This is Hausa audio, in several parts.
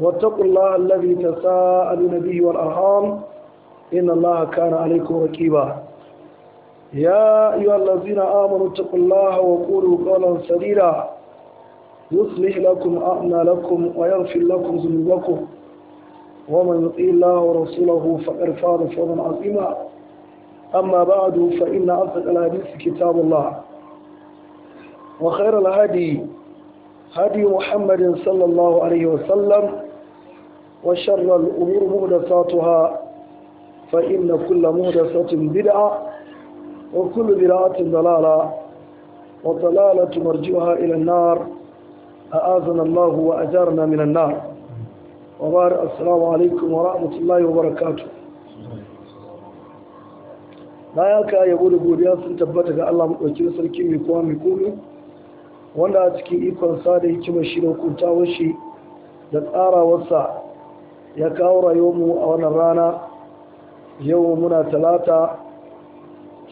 واتقوا الله الذي تساءلون به والأرحام إن الله كان عليكم ركيبا يا أيها الذين آمنوا اتقوا الله وقولوا قولا سديدا يصلح لكم لكم ويغفر لكم ذنوبكم ومن يطيع الله ورسوله فقد فاز عظيما أما بعد فإن أصدق الحديث كتاب الله وخير الهدي هدي محمد صلى الله عليه وسلم وشر الأمور مهدساتها فإن كل مهدسة بدعة وكل بدعة ضلالة وضلالة مرجوها إلى النار أعاذنا الله وأجارنا من النار وبار السلام عليكم ورحمة الله وبركاته bayan ka yabo da godiya sun tabbata ga Allah maɗauki sarki mai kowa mai komi wanda a cikin ikon sa da hikimar shi da hukunta shi da tsarawarsa ya kawo rayuwarmu a wannan rana yau muna talata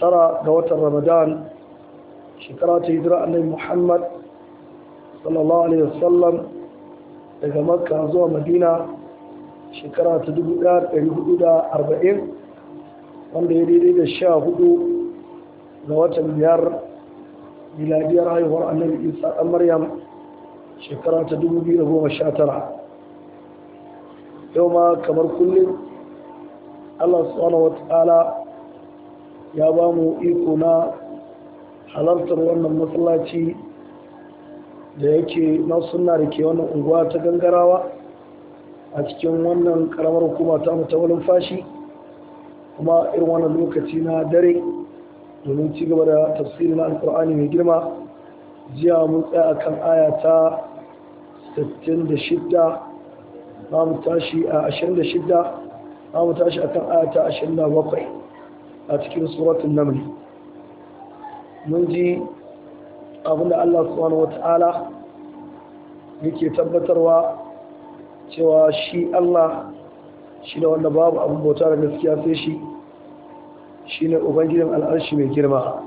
tara ga watan ramadan shekara ta hijira annabi muhammad sallallahu alaihi wasallam daga makka zuwa madina shekara ta 1440 wanda ya daidai da sha hudu ga watan biyar miladiyar haihuwar annabi isa dan maryam shekara ta 2019 yau ma kamar kullum Allah subhanahu ya ba mu iko na halartar wannan masallaci da yake na suna da ke wannan unguwa ta gangarawa a cikin wannan karamar hukuma ta mutawalin fashi kuma irin wannan lokaci na dare domin ci gaba da tafsiri na alkur'ani mai girma jiya mun tsaya akan aya ta 66 za mu tashi a 26 za mu tashi akan ayata bakwai a cikin suratun naml mun ji abinda Allah subhanahu ta'ala yake tabbatarwa cewa shi Allah shi da wanda babu abin bauta da gaskiya sai shi shi ne ubangijin al'arshi mai girma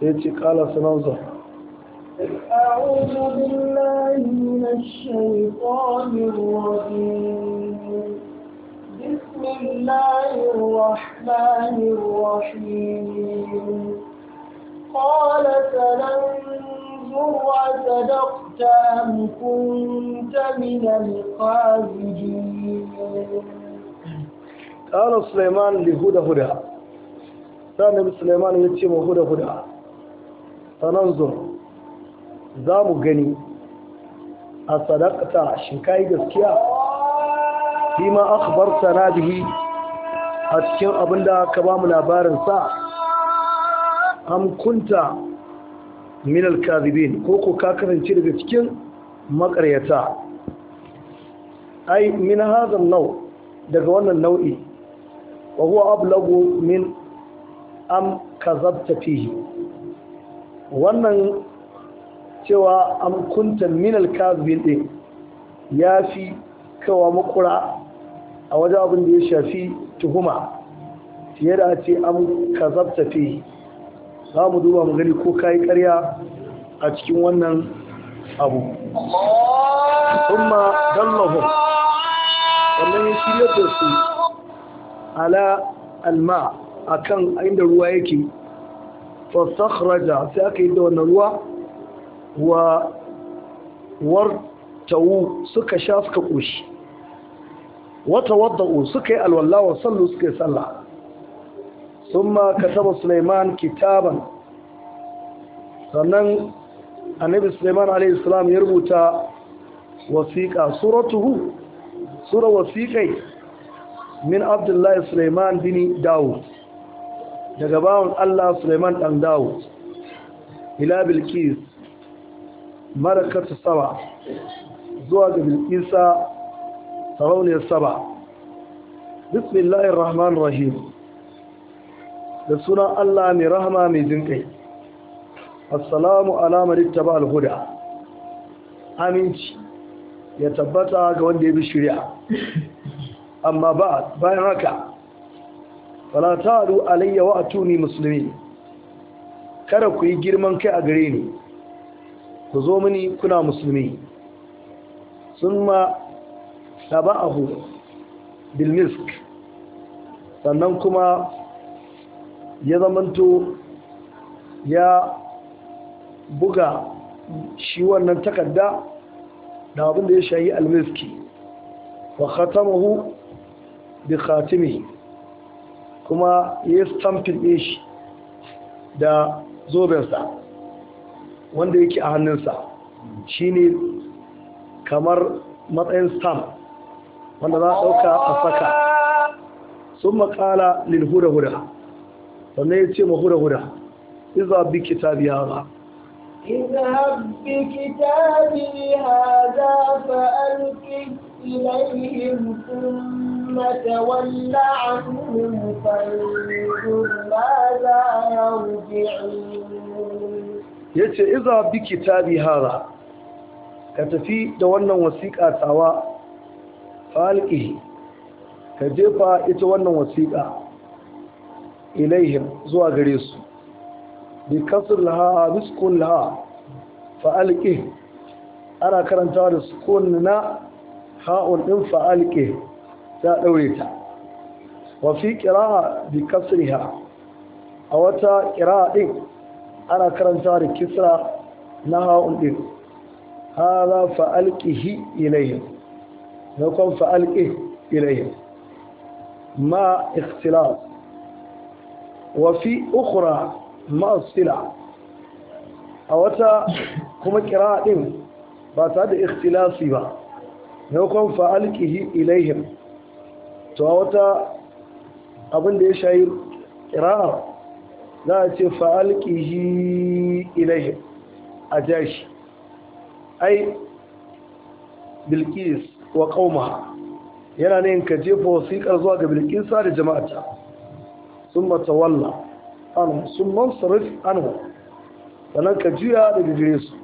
sai ce kala sananzar أعوذ بالله الشيطان الرجيم بسم الله الرحمن الرحيم قال سننظر أصدقت أم كنت من القاذجين قال سليمان لهدى هدى سنة سليمان يتشم هدى هدى سننظر za mu gani a sadakta shin ka yi gaskiya fi ma akhbarta na bihi a cikin abin da ka ba mu labarin sa am kazibin, ko ko ka karanci daga cikin makaryata ai min hadha nau daga wannan nau'i wa huwa ablagu min am kazabta fihi wannan cewa am kunta minal kazibin din ya fi kawa makura a wajen abin da ya shafi tuhuma fiye da ce an kazabta fi za mu duba mu gani ko kayi karya a cikin wannan abu kuma dallahum wannan ya shirya da su ala alma akan inda ruwa yake fasakhraja sai aka yi da wannan ruwa wa wartawu suka sha suka ƙoshi wata wadda'u suka yi alwala wa sallu suka yi sallah sun ma kataba suleiman kitaban sannan annabi suleiman alaihissalam ya rubuta wasiƙa suratuhu sura wasiƙai min abdullahi suleiman bin dawo, daga bawan allah suleiman ɗan dawo, ila bilkis marakatu saba zuwa ga bilkisa sarauniyar saba bismillahir rahmanir rahim da sunan Allah mai rahama mai jinkai assalamu ala man ittaba al aminci ya tabbata ga wanda ya bi shari'a amma ba bayan haka fala ta'alu alayya wa atuni muslimin kada ku yi girman kai a gare ni ku zo mini kuna musulmi sun ma taba'ahu bilmisk sannan kuma ya zamanto ya buga shi wannan takarda da abin da ya shayi almiski wa khatamahu bi khatimi kuma ya stampin shi da zobensa wanda yake a hannunsa shi ne kamar matsayin stamp wanda za a ɗauka a saka sun makala lil huda-huda wanda ya ce ma huda-huda iza bi kitabi haza اذهب بكتابي ya ce iza bi kitabi hara ka tafi da wannan wasiƙa tawa falƙi ka jefa ita wannan wasiƙa ilaihim zuwa gare su bi kasar laha biskun laha falƙi ana karanta da sukun na ha'un ɗin falƙi ta daure ta Wafi fi bi kasar ha a wata qira'a ɗin? ana karanta da kisra na ha'un din za fa'alqihi ilayhim na kon fa'alqih ilayhim ma ikhtilaf wa fi ukhra ma sila a wata kuma kira din ba ta da ikhtilafi ba na kon fa'alqihi ilayhim to a wata abin da ya shayi kira'a za a ce fa'alƙihi ilahi a jashi ai bilkis wa ƙaumaha yana ne ka jefa wasiƙar zuwa ga bilkisa da jama'ata sun mata walla sun mansarif anu sannan ka juya da gare su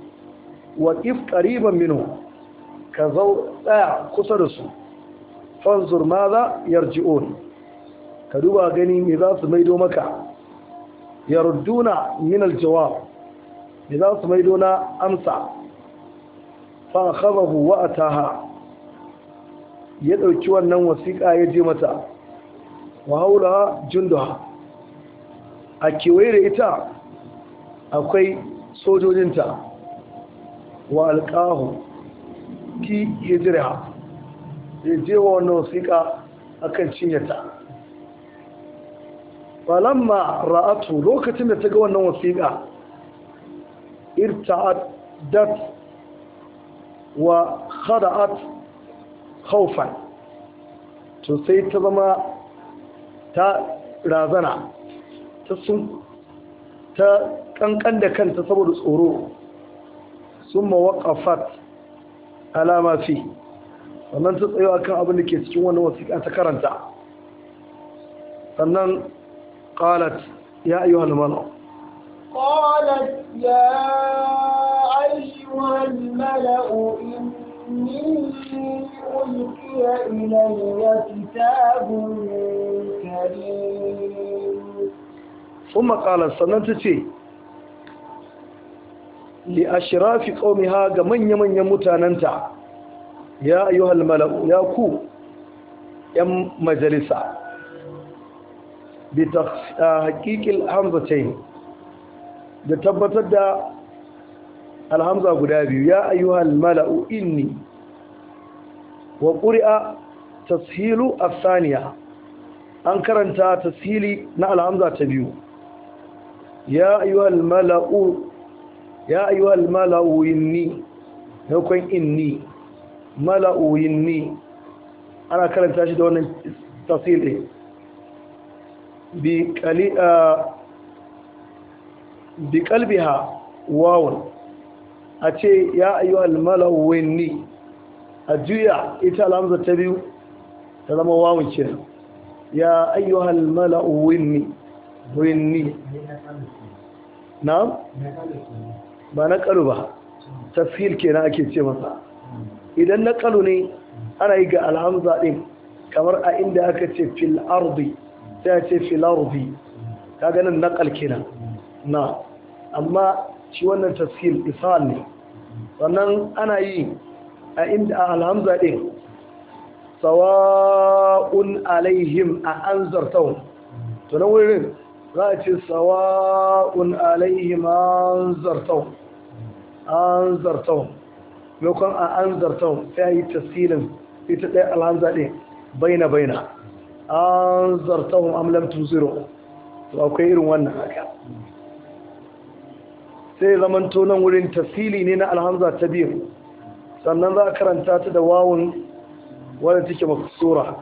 wa if ƙariban minu ka zau tsaya kusa da su fanzur ma za yarji'un ka duba gani me za su maido maka yarduna min aljawab da su maido na amsa fa khabahu wa ataha ya dauki wannan wasiƙa ya je mata wa haula junduha a ita akwai sojojinta wa alƙahu ki hijira ya je wa wannan wasiƙa akan cinyata falamma ra'atu lokacin da ta ga wannan wasiƙa irta'addat wa khada'at khawfan to sai ta zama ta razana ta sun ta kankan da kanta saboda tsoro summa waqafat alama fi sannan ta tsayo akan abin da ke cikin wannan wasiƙa ta karanta sannan قالت يا أيها الملأ قالت يا أيها الملأ إني ألقي إلي كتاب كريم ثم قالت سننتتي لأشراف قومها من يمن يمتاننتع يا أيها الملأ يا كو ku مجلسة bi haƙiƙil hamzatain da tabbatar da alhamza guda biyu ya ayyuhal mala'u inni wa ƙuri'a tashilu asaniya an karanta tashili na alhamza ta biyu ya ayyuhal mala'u ya ayyuhal mala'u inni yakon inni mala'u inni ana karanta shi da wannan tashili bi kalbiha wawon a ce ya ayyu almalawini a juya ita alamza ta biyu ta zama wawon ce ya ayyu almalawini winni na? ba na kalu ba tafiyar kenan ake ce masa idan na kalu ne ana yi ga alhamza din kamar a inda aka ce fil ardi sai ya ce filarufi ta ganin naƙal kenan na amma shi wannan tafsir isa'al ne sannan ana yi a inda a alhamza ɗin sawa'un alaihim a an zartahun tunan na wurin za a ce sawa'un alaihim an zartahun an zartahun maimakon a an zartahun sai yi tafsirin ita ɗaya alhamza ɗin baina baina an zartahum am lam to akwai irin wannan haka sai zaman nan wurin tafili ne na alhamza ta biyu sannan za a karanta ta da wawun wadda take maksura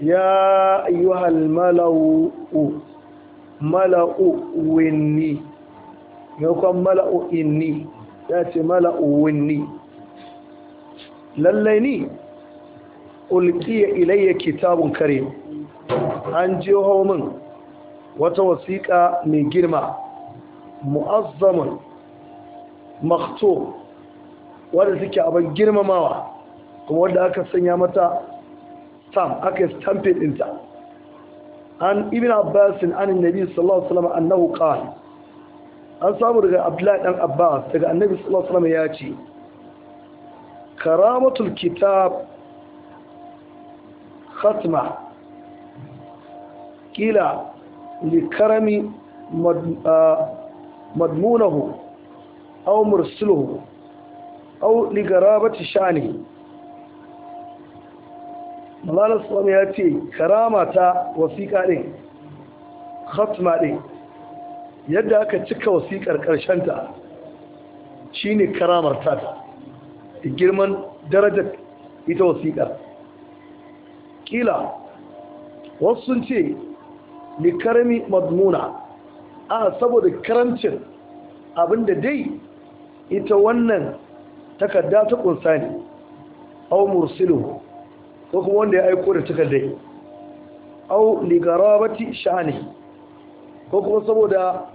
ya ayyuhal mala'u mala'u winni mala'u inni ya ce mala'u lallai ni ulkiya ilayya kitabun karim an ji homin wata wasiƙa mai girma mu'azzamun makto wadda suke abin girmamawa kuma wadda aka sanya mata tam aka yi stampin ɗinta an ibn abbasin an nabi sallallahu alaihi wasallam annahu qala an samu daga abdullahi dan abbas daga annabi sallallahu alaihi wasallam ya ce karamatul kitab khatma kila likarami madmunahu aw mursiluhu aw ligarabati shani malala suwam ya ce karama ta wasiƙa ɗin khatma ɗin yadda aka cika wasiƙar ƙarshenta shine karamar ta girman darajar ita wasiƙar ƙila wasu sun ce karami madmuna a saboda karancin abinda dai ita wannan takarda ta kunsa ne au mursilu ko kuma wanda ya aiko da takardai au garabati sha'ani ko kuma saboda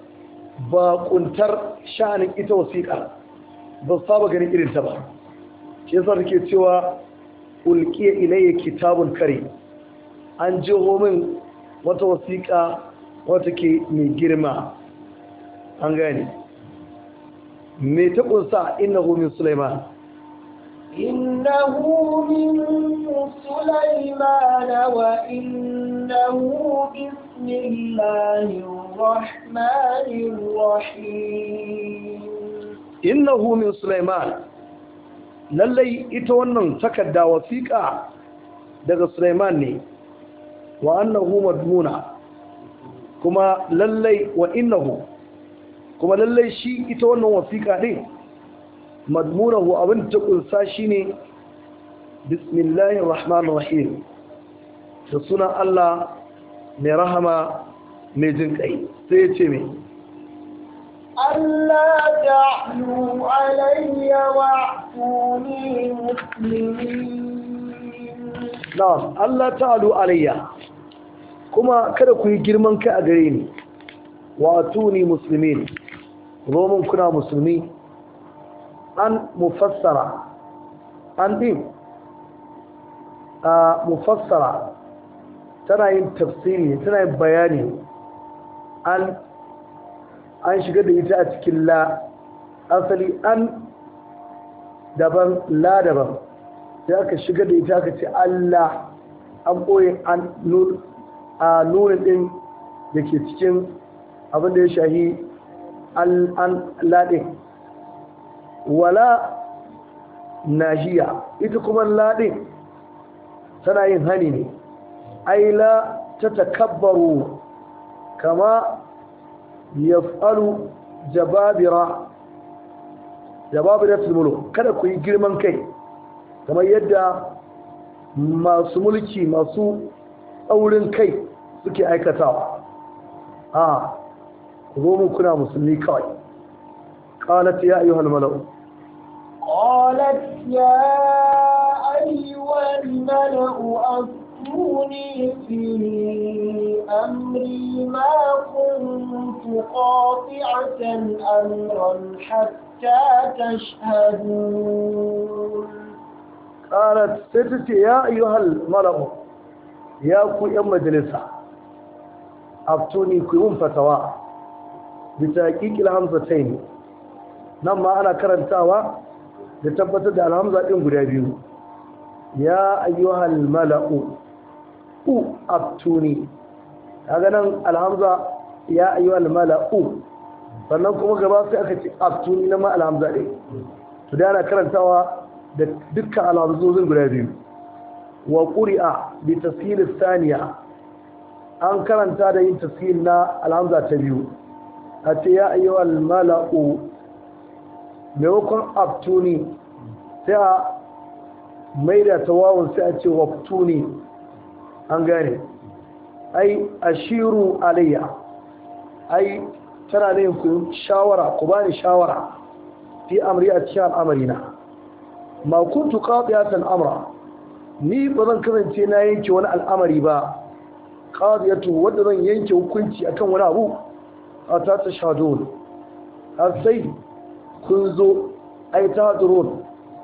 baƙuntar sha'anin ita wasiƙa ba saba ganin irin ta ba shi yasa take cewa ulqiya ilayya kitabun kare an jiho min wata wasiƙa wata ke mai girma an gani mai ta ƙunsa inna min Sulaiman innahu min Sulaiman wa innahu bismillahir rahmanir rahim innahu min Sulaiman lallai ita wannan takarda wasiƙa daga Sulaiman ne wa annahu madmuna kuma lallai wa innahu kuma lallai shi ita wannan wasiƙa madmuna madmunahu abin da kunsa shine bismillahir rahmanir rahim da sunan Allah mai rahama mai jin kai sai ya ce mai Allah ta'lu alayya wa'tuni muslimin na'am Allah ta'alu alayya kuma kada ku yi girman kai a gare ni wa ni muslimin roman kuna musulmi an mufassara an din a mufassara tana yin tafsiri tana yin bayani an an shiga da ita a cikin la asali an daban la daban sai aka shiga da ita aka ce Allah an ɓoye a nurin ɗin da ke cikin abin da ya shahi an laɗe wala nahiya ita kuma laɗe tana yin hani ne aila ta takabbaru kama ya faru jababira jababira tulmulo kada ku yi girman kai kamar yadda masu mulki masu tsaurin kai suke aikatawa a ku zo mu kuna musulmi kawai qalat ya ayyuhal mala'u qalat ya ayyuhal mala'u أفتوني في أمري ما كنت قاطعة أمرا حتى تشهدون qalat sai ta ce ya ayyuhal mala'u ya ku yan majalisa aftuni ku mun fatawa bi ta yi nan ma ana karantawa da tabbatar da alhamza din guda biyu ya ayyuhal mala'u u aftuni ta nan alhamza ya ayyuhal mala'u sannan kuma gaba sai aka ce aftuni na ma alhamza din to da ana karantawa da dukkan alamuzozin guda biyu wa ƙuri'a bi tasirin saniya an karanta da yin tasirin na alhamza ta biyu a ce ya ayyawa mala'u maimakon abtuni sai a mai da tawawun sai a ce wabtuni an gane ai ashiru alayya ai tana da yin shawara ku bani shawara fi amri a cikin al'amarina ma kuntu qadiyatan amra ni bazan zan kasance na yanke wani al'amari ba qadiyatu wanda zan yanke hukunci akan wani abu a ta shadun har sai kun zo ai ta durun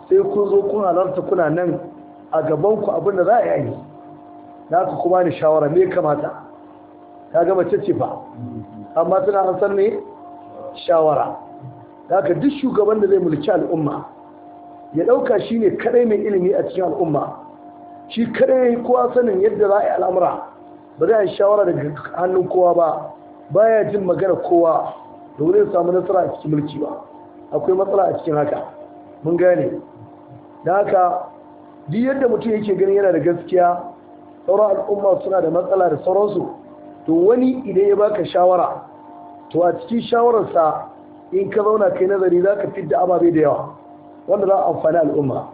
sai kun zo kun halarta kuna nan a gaban ku abin da za a yi na ku kuma ni shawara me kamata ka ga mace ce fa amma tana an san ne shawara da duk shugaban da zai mulki al'umma ya ɗauka shi ne kadai mai ilimi a cikin al'umma shi kadai kowa sanin yadda za a yi al'amura ba za a yi shawara daga hannun kowa ba ya jin magana kowa da wurin samu nasara a cikin mulki ba akwai matsala a cikin haka mun gane da haka duk yadda mutum yake ganin yana da gaskiya sauran al'umma suna da matsala da sauransu to wani idan ya baka shawara to a cikin shawararsa in ka zauna kai nazari za ka fidda ababe da yawa wanda za a amfani al'umma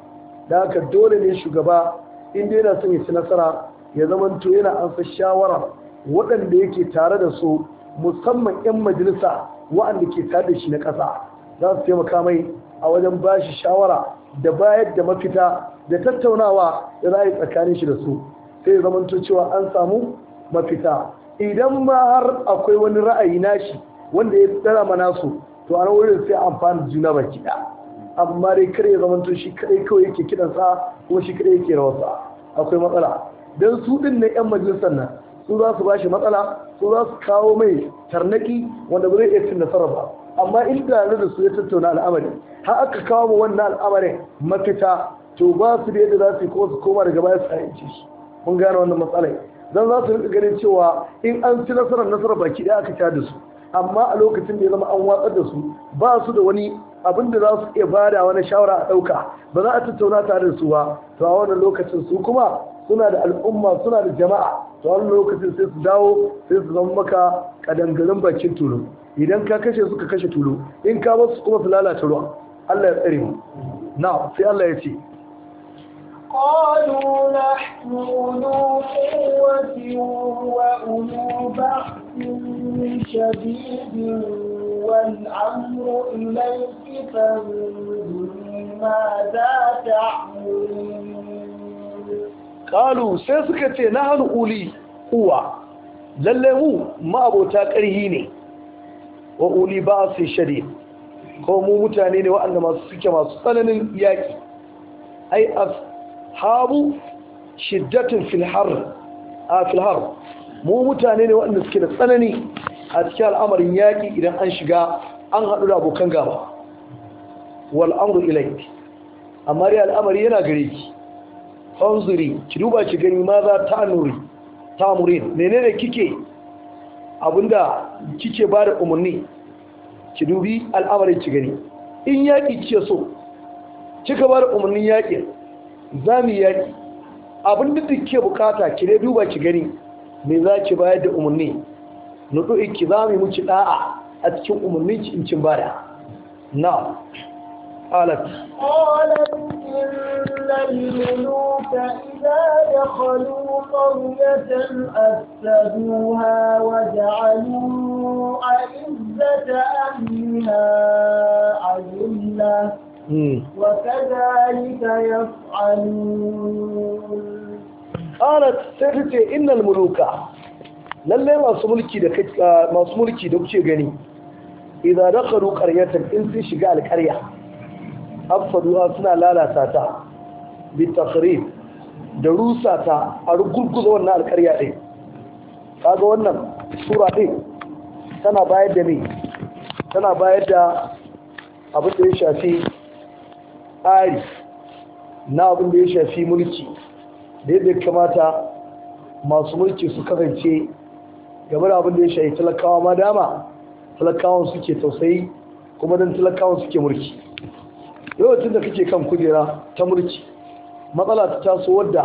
da haka dole ne shugaba inda yana son ya ci nasara ya zamanto yana amsa shawara waɗanda yake tare da su musamman 'yan majalisa wa'anda ke tare da shi na ƙasa za su taimaka mai a wajen ba shi shawara da bayar da mafita da tattaunawa da za a yi tsakanin shi da su sai ya zamanto cewa an samu mafita idan ma har akwai wani ra'ayi nashi wanda ya tsara mana su to an wurin sai amfani juna baki ɗaya amma dai kare ya zamanto shi kadai kawai yake kidan sa kuma shi kadai yake rawar sa akwai matsala dan su din ne yan majalisar nan su za su bashi matsala su za su kawo mai tarnaki wanda bai zai iya cin nasara ba amma in tare da su ya tattauna al'amari har aka kawo mu wannan al'amarin mafita to ba su da yadda za su yi ko su koma daga baya su aiki shi mun gane wannan matsalai dan za su rika ganin cewa in an ci nasarar nasarar baki daya aka ta da su amma a lokacin da ya zama an watsar da su ba su da wani abinda za su iya bada wani shawara a ɗauka ba za a tattauna tare da su ba to a wannan lokacin su kuma suna da al'umma suna da jama'a to a wannan lokacin sai su dawo sai su zama maka kadangarin bakin tulu idan ka kashe su ka kashe tulu in ka basu kuma su lalata ruwa Allah ya tsare mu na sai Allah ya ce قالوا نحن أولو قوة وأولو بأس شديد والأمر إليك فانظري ماذا تعملين قالوا سيسكتي نحن أولي أوى lalle mu ma'abota ƙarhi ne wa uli ba su shari ko mu mutane ne waɗanda masu suke masu tsananin yaƙi ai ashabu shiddatin a filhar mu mutane ne waɗanda suke da tsanani a cikin al'amarin yaƙi idan an shiga an haɗu da abokan gaba wal'amru ilai. amma dai al'amari yana gare ki fanzuri ki duba ki gani ma za ta nuri ta murin menene kike abinda kike ba da umarni ki dubi al'amarin ki gani in yaƙi ce so kika ba da umarnin yaƙin za mu yaƙi abin da kike bukata ki dai duba ki gani me za ki bayar da umarni Nuɗu iki za mu yi muci ɗa'a a cikin umarnin cikin ba da na alat قالت سيدتي ان الملوك lalle masu mulki da ah, masu mulki da kuke gani idza dakhalu qaryatan in sun shiga alqarya afsaduha suna lalata ta bi takhrib da rusa ta a rugurguza wannan alqarya din kaga wannan sura din tana bayar da ni. tana bayar da abin da ya shafi ari na abin da ya shafi mulki da yadda kamata masu mulki su kasance game da abin da ya shafi talakawa ma dama talakawan suke tausayi kuma dan talakawan suke mulki lokacin da kake kan kujera ta mulki matsala ta taso wadda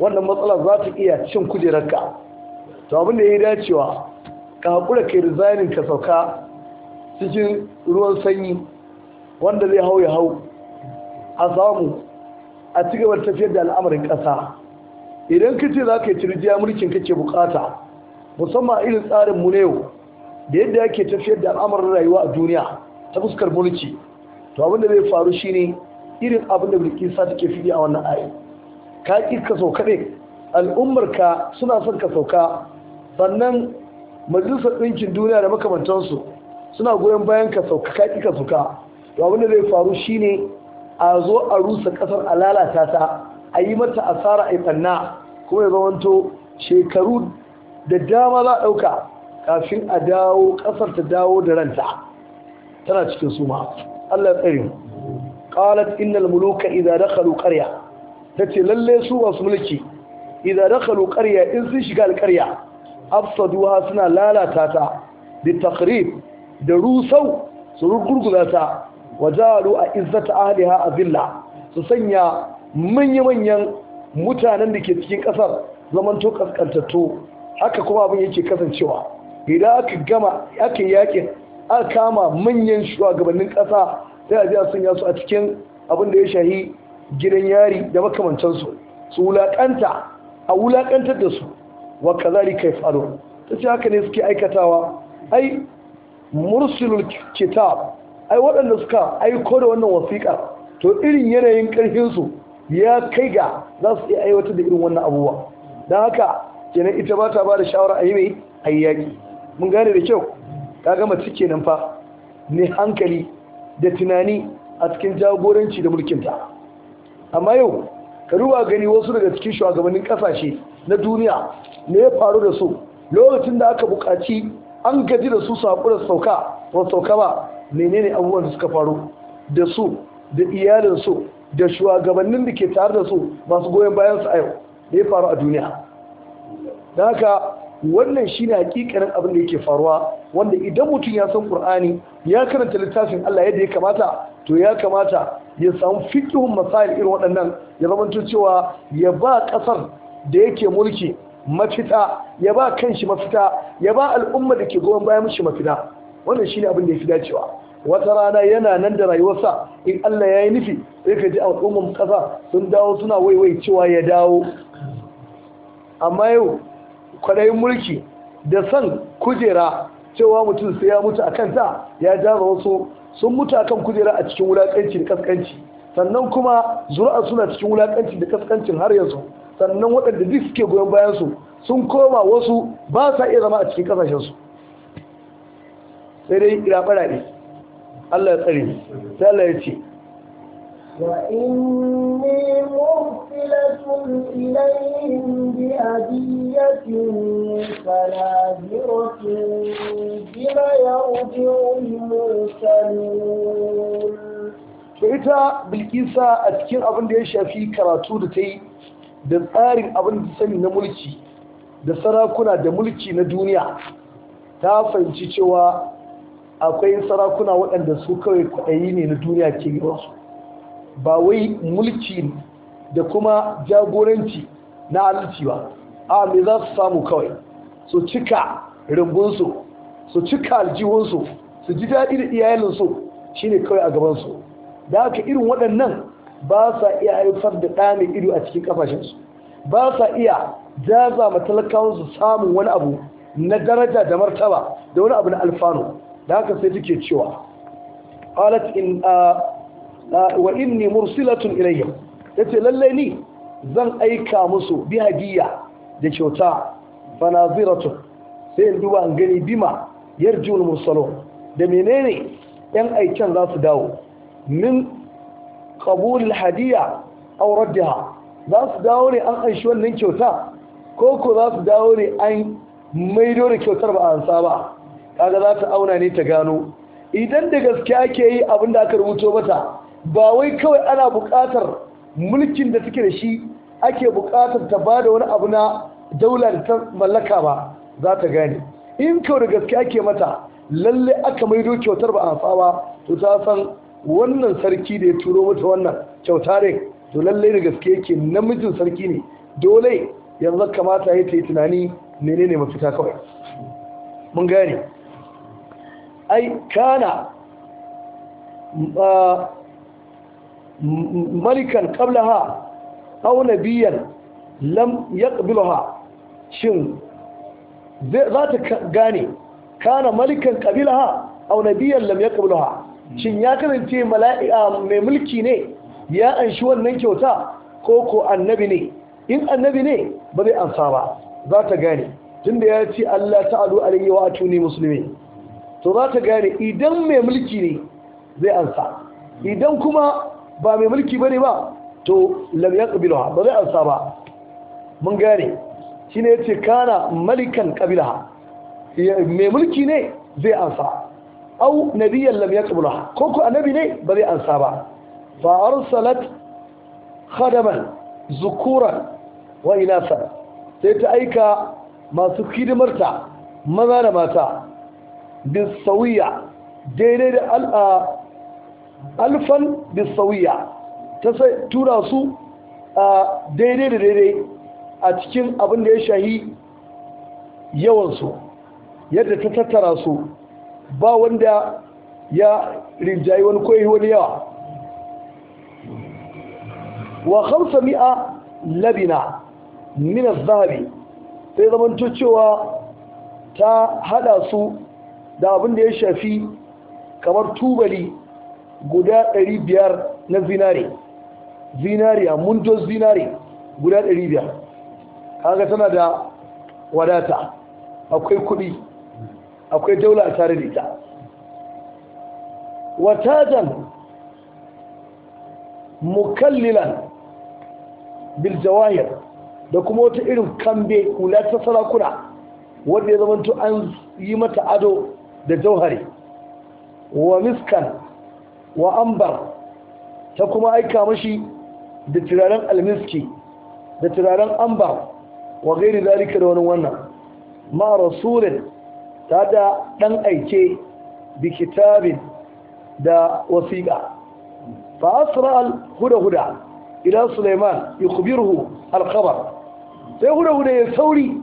wannan matsala za ta iya cin kujerarka to abin da ya yi dacewa ka haƙura kai rizainin ka sauka cikin ruwan sanyi wanda zai hau ya hau a samu a cigaba tafiyar da al'amarin ƙasa idan kace ce za ka yi turjiya mulkin kake bukata musamman irin tsarin mu yau da yadda yake tafiyar da al'amarin rayuwa a duniya ta fuskar mulki to abin da zai faru shine irin abin da bilkisa take fidi a wannan ayi ka ki ka sauka ne al'ummar ka suna son ka sauka sannan majalisar ɗinkin duniya da makamantansu suna goyon bayan ka sauka ka ki ka sauka to abin da zai faru shine a zo a rusa ƙasar a lalata ta a yi mata asara a yi kuma ya zamanto shekaru da dama za a ɗauka kafin a dawo ƙasar ta dawo da ranta tana cikin suma Allah ya tsare mu qalat innal muluka idza dakhalu qarya tace lalle su wasu mulki idza dakhalu qarya in sun shiga alqarya afsaduha suna lalata ta bi taqrib da rusau su rugurguza ta wajalu a izzata a azilla su sanya manya-manyan mutanen da ke cikin kasar zamanto kaskantattu haka kuma abin yake kasancewa idan aka gama aka yakin aka kama manyan shugabannin ƙasa sai a jiya sun sanya su a cikin abin da ya shahi gidan yari da makamancansu su wulaƙanta a wulaƙantar da su wa kazari kai faru ta ce haka ne suke aikatawa ai mursulul kitab ai waɗanda suka aiko da wannan wasiƙa to irin yanayin ƙarfinsu ya kai ga za su iya aiwatar da irin wannan abubuwa don haka kenan ita ba ta ba da shawara a yi mai a yaƙi mun gane da kyau ka gama kenan fa ne hankali da tunani a cikin jagoranci da mulkinta amma yau ka duba gani wasu daga cikin shugabannin kasashe na duniya ne ya faru da su lokacin da aka buƙaci an gaji da su saƙo da sauka wasu sauka ba menene abubuwan da suka faru da su da iyalinsu da shugabannin da ke tare da su masu goyon bayansu a yau ne ya faru a duniya da haka wannan shi ne hakikanin abin da yake faruwa wanda idan mutum ya san ƙur'ani ya karanta littafin Allah yadda ya kamata to ya kamata ya samu fikihun masail irin waɗannan ya zamanto cewa ya ba ƙasar da yake mulki mafita ya ba kanshi mafita ya ba al'umma da ke goyon bayan mishi mafita wannan shi ne abin da ya fi dacewa wata rana yana nan da rayuwarsa in Allah ya yi nufi sai ka ji al'umman ƙasa sun dawo suna waiwai cewa ya dawo amma yau kwaɗayin mulki da son kujera cewa mutum sai ya mutu a kanta ya jaba wasu sun mutu a kan kujera a cikin wulaƙanci da kaskanci sannan kuma zuru'a suna cikin wulaƙanci da kaskancin har yanzu sannan waɗanda duk suke goyon bayan su sun koma wasu ba sa iya zama a cikin kasashen su sai dai ira Allah ya tsare sai Allah ya ce وإني مرسلة إليهم بهدية فناظرة بما يرجع المرسلون ita bilkisa a cikin abin da ya shafi karatu da ta yi da tsarin abin da sani na mulki da sarakuna da mulki na duniya ta fahimci cewa akwai sarakuna waɗanda su kawai kwaɗayi ne na duniya ke yi wasu ba wai mulki da kuma jagoranci na adalci ba a me za su samu kawai su cika rumbunsu su cika aljihunsu su ji daɗi da iyayensu ne kawai a gabansu da haka irin waɗannan ba sa iya haifar da ɗa mai ido a cikin kafashinsu ba sa iya jaza ma talakawansu samun wani abu na daraja da martaba da wani abu na alfano da haka sai suke cewa wa inni mursilatun ilayhim yace lalle ni zan aika musu bi hadiya da kyauta naziratu sai in duba an gani bima yarjul mursalun da menene yan aikin za su dawo min qabul hadiya aw raddaha za su dawo ne an anshi wannan kyauta ko ko za su dawo ne an maido da kyautar ba an saba ba kaga za ta auna ne ta gano idan da gaske ake yi abinda aka rubuto mata ba wai kawai ana buƙatar mulkin da take da shi ake buƙatar ta ba da wani abu na daula da ta mallaka ba za ta gane in kawai da gaske ake mata lalle aka maido kyautar ba a ba to ta san wannan sarki da ya turo mata wannan kyauta ne to lalle da gaske yake namijin sarki ne dole yanzu kamata ya ta yi tunani menene mafita kawai mun gane ai kana ah, malikan qablaha auna biyan lam yaqbiluha shin za ta gane kana malikan qabilaha auna biyan lam yaqbiluha shin ya kasance mai mulki ne ya anshi wannan kyauta ko ko annabi ne in annabi ne ba zai ansa ba za ta gane tunda ya ce Allah ta'adu alayhi wa atuni musulmi, to za ta gane idan mai mulki ne zai ansa idan kuma ba mai mulki bane ba to lam yaqbiluha ba zai ansa ba mun gane shine yace kana malikan qabilaha mai mulki ne zai ansa au nabiyyan lam yaqbiluha ko ko annabi ne ba zai ansa ba fa arsalat khadaman zukuran wa inasa sai ta aika masu hidimarta maza da mata bisawiya daidai da al'a alfan bisawiya ta tura su a daidai da daidai a cikin abin da ya shahi yawansu yadda ta tattara su ba wanda ya rinjayi wani koyi wani yawa wa hamsa mi'a labina minas zahabi sai zamanto cewa ta hada su da abin da ya shafi kamar tubali guda 500 na zinare zinari, munto zinare guda 500 kaga tana da wadata akwai kuɗi akwai daula a tare da ita watajan mukallilan bil jawahir da kuma wata irin kambe hula ta sarakuna wanda ya zamanto an yi mata ado da jauhari wa miskan wa ambar ta kuma aika mashi da turaren almiski da turaren ambar wa gairi zalika da wani wannan ma rasulin ta da ɗan aike bi kitabin da wasiƙa fa asra al huda huda ila sulaiman yukhbiruhu sai huda huda ya sauri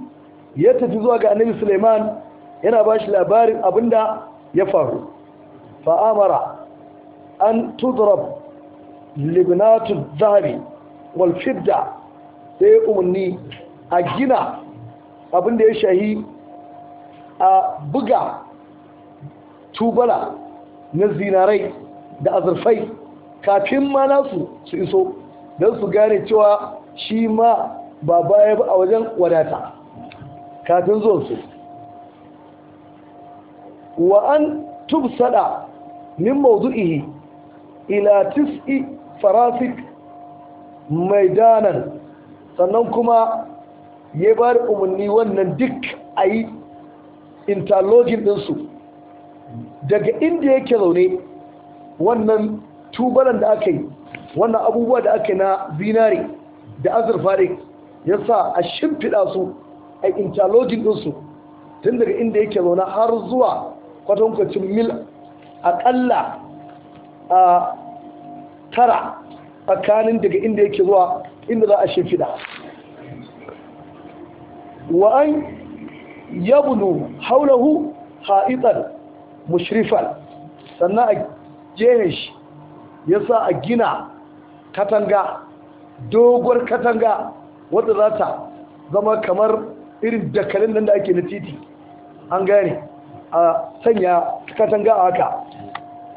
ya tafi zuwa ga annabi Suleiman yana shi labarin abinda ya faru fa'amara. an tudrab libnatu zahabi wal fidda umarni a gina abin da ya shahi a buga tubala na zinarai da azurfai kafin ma su iso don su gane cewa shi ma ba baya ba a wajen wadata kafin zuwansu wa an tubsada min mawdu'ihi ila tis'i farasik maidanan sannan kuma ya ba da umarni wannan duk a yi interlogin ɗinsu daga inda yake zaune wannan tubalan da aka yi wannan abubuwa da aka yi na zinare da azurfa ne ya sa a shimfiɗa su a interlogin ɗinsu tun daga inda yake zaune har zuwa kwatankwacin mil aƙalla a tara tsakanin daga inda yake zuwa inda za a shimfiɗa wa an yabulu haulahu ha'itar mushrifal, sannan a gehen shi ya sa a gina katanga doguwar katanga wadda za ta zama kamar irin dakalin nan da ake na titi an gane a sanya katanga a haka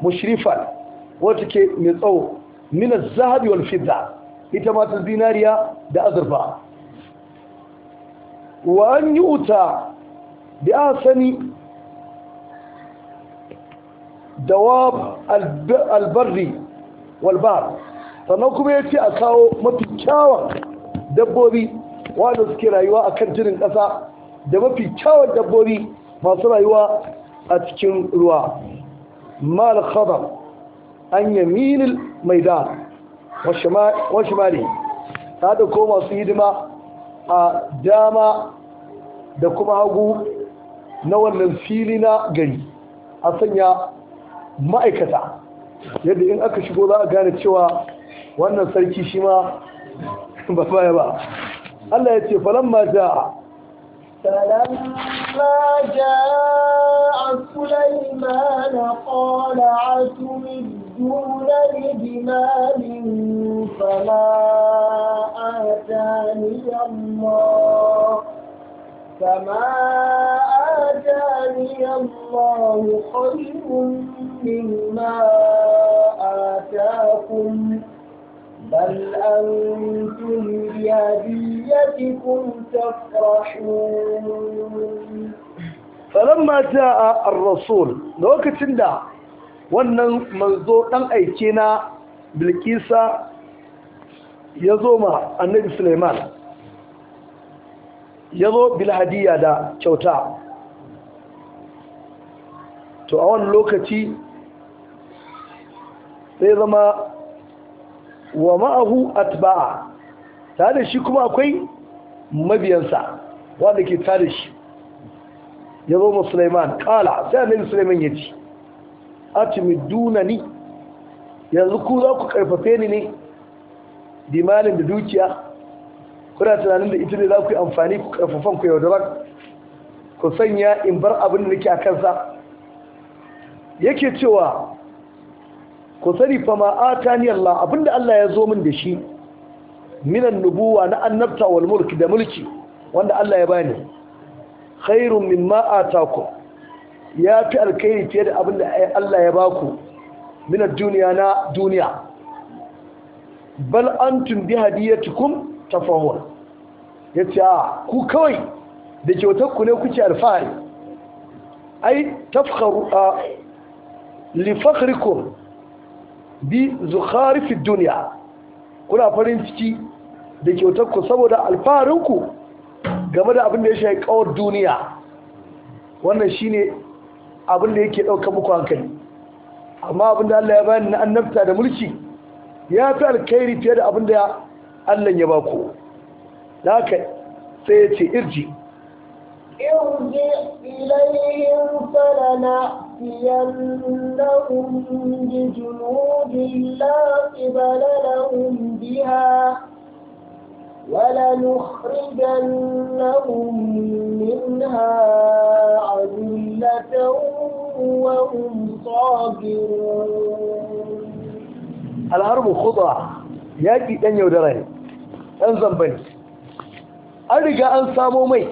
Mushrifal, wata ke mai tsawo min az-zahabi wal fidda ita ma ta zinariya da azurfa wa an yuta bi asani dawab albarri wal bahr sannan kuma yace a kawo mafi kyawun dabbobi wanda suke rayuwa akan jirin ƙasa da mafi kyawun dabbobi masu rayuwa a cikin ruwa mal khadar an yaminil maidan wa shimali ta da ko masu hidima a dama da kuma hagu na wannan fili na gari a sanya ma'aikata yadda in aka shigo za a gane cewa wannan sarki shi ma ba baya ba Allah ya ce falamma ja'a a جاء سليمان قال a يسجون لجمال فما آتاني الله فما آتاني الله خير مما آتاكم بل أنتم بهديتكم تفرحون فلما جاء الرسول لو كتندا wannan manzo ɗan aike na bilkisa ya zo ma annabi suleiman ya zo bilhadiya da kyauta to a wani lokaci sai zama wa ma'ahu atba'a tare da shi kuma akwai mabiyansa wanda ke tare shi ya zo ma suleiman kala sai annabi suleiman ya ce ni. yanzu ku za ku karfafe ni ne dimalin da dukiya kuna tunanin da ita ne za ku yi amfani ku karfafan ku yaudara ku sanya in bar abin da nake a kansa yake cewa ku sani fa ma ni Allah abinda Allah ya zo min da shi minan nubuwa na annabta wal mulki da mulki wanda Allah ya bani khairun mimma atakum ya fi alkairi fiye da abin da Allah ya baku mina duniya na duniya bal tun bi hadiyatikum ya ce a ku kawai da kyautar ku ne kuke alfahari ai tafkaru a lifakarikun bi zukarifi duniya kuna farin ciki da kyautar ku saboda alfaharinku game da abin da ya shafi kawar duniya wannan shine abin da yake ɗauka muku hankali amma abin da Allah ya bani na annabta da mulki ya fi alkhairi fiye da abin da Allah ya bako. da haka sai ya ce irji irji ilayhim falana biyannahum bi junudin ولنخرجنهم منها عذلة وهم صابرون الحرب خضع yaƙi ɗan yaudara ne ɗan zamba an riga an samo mai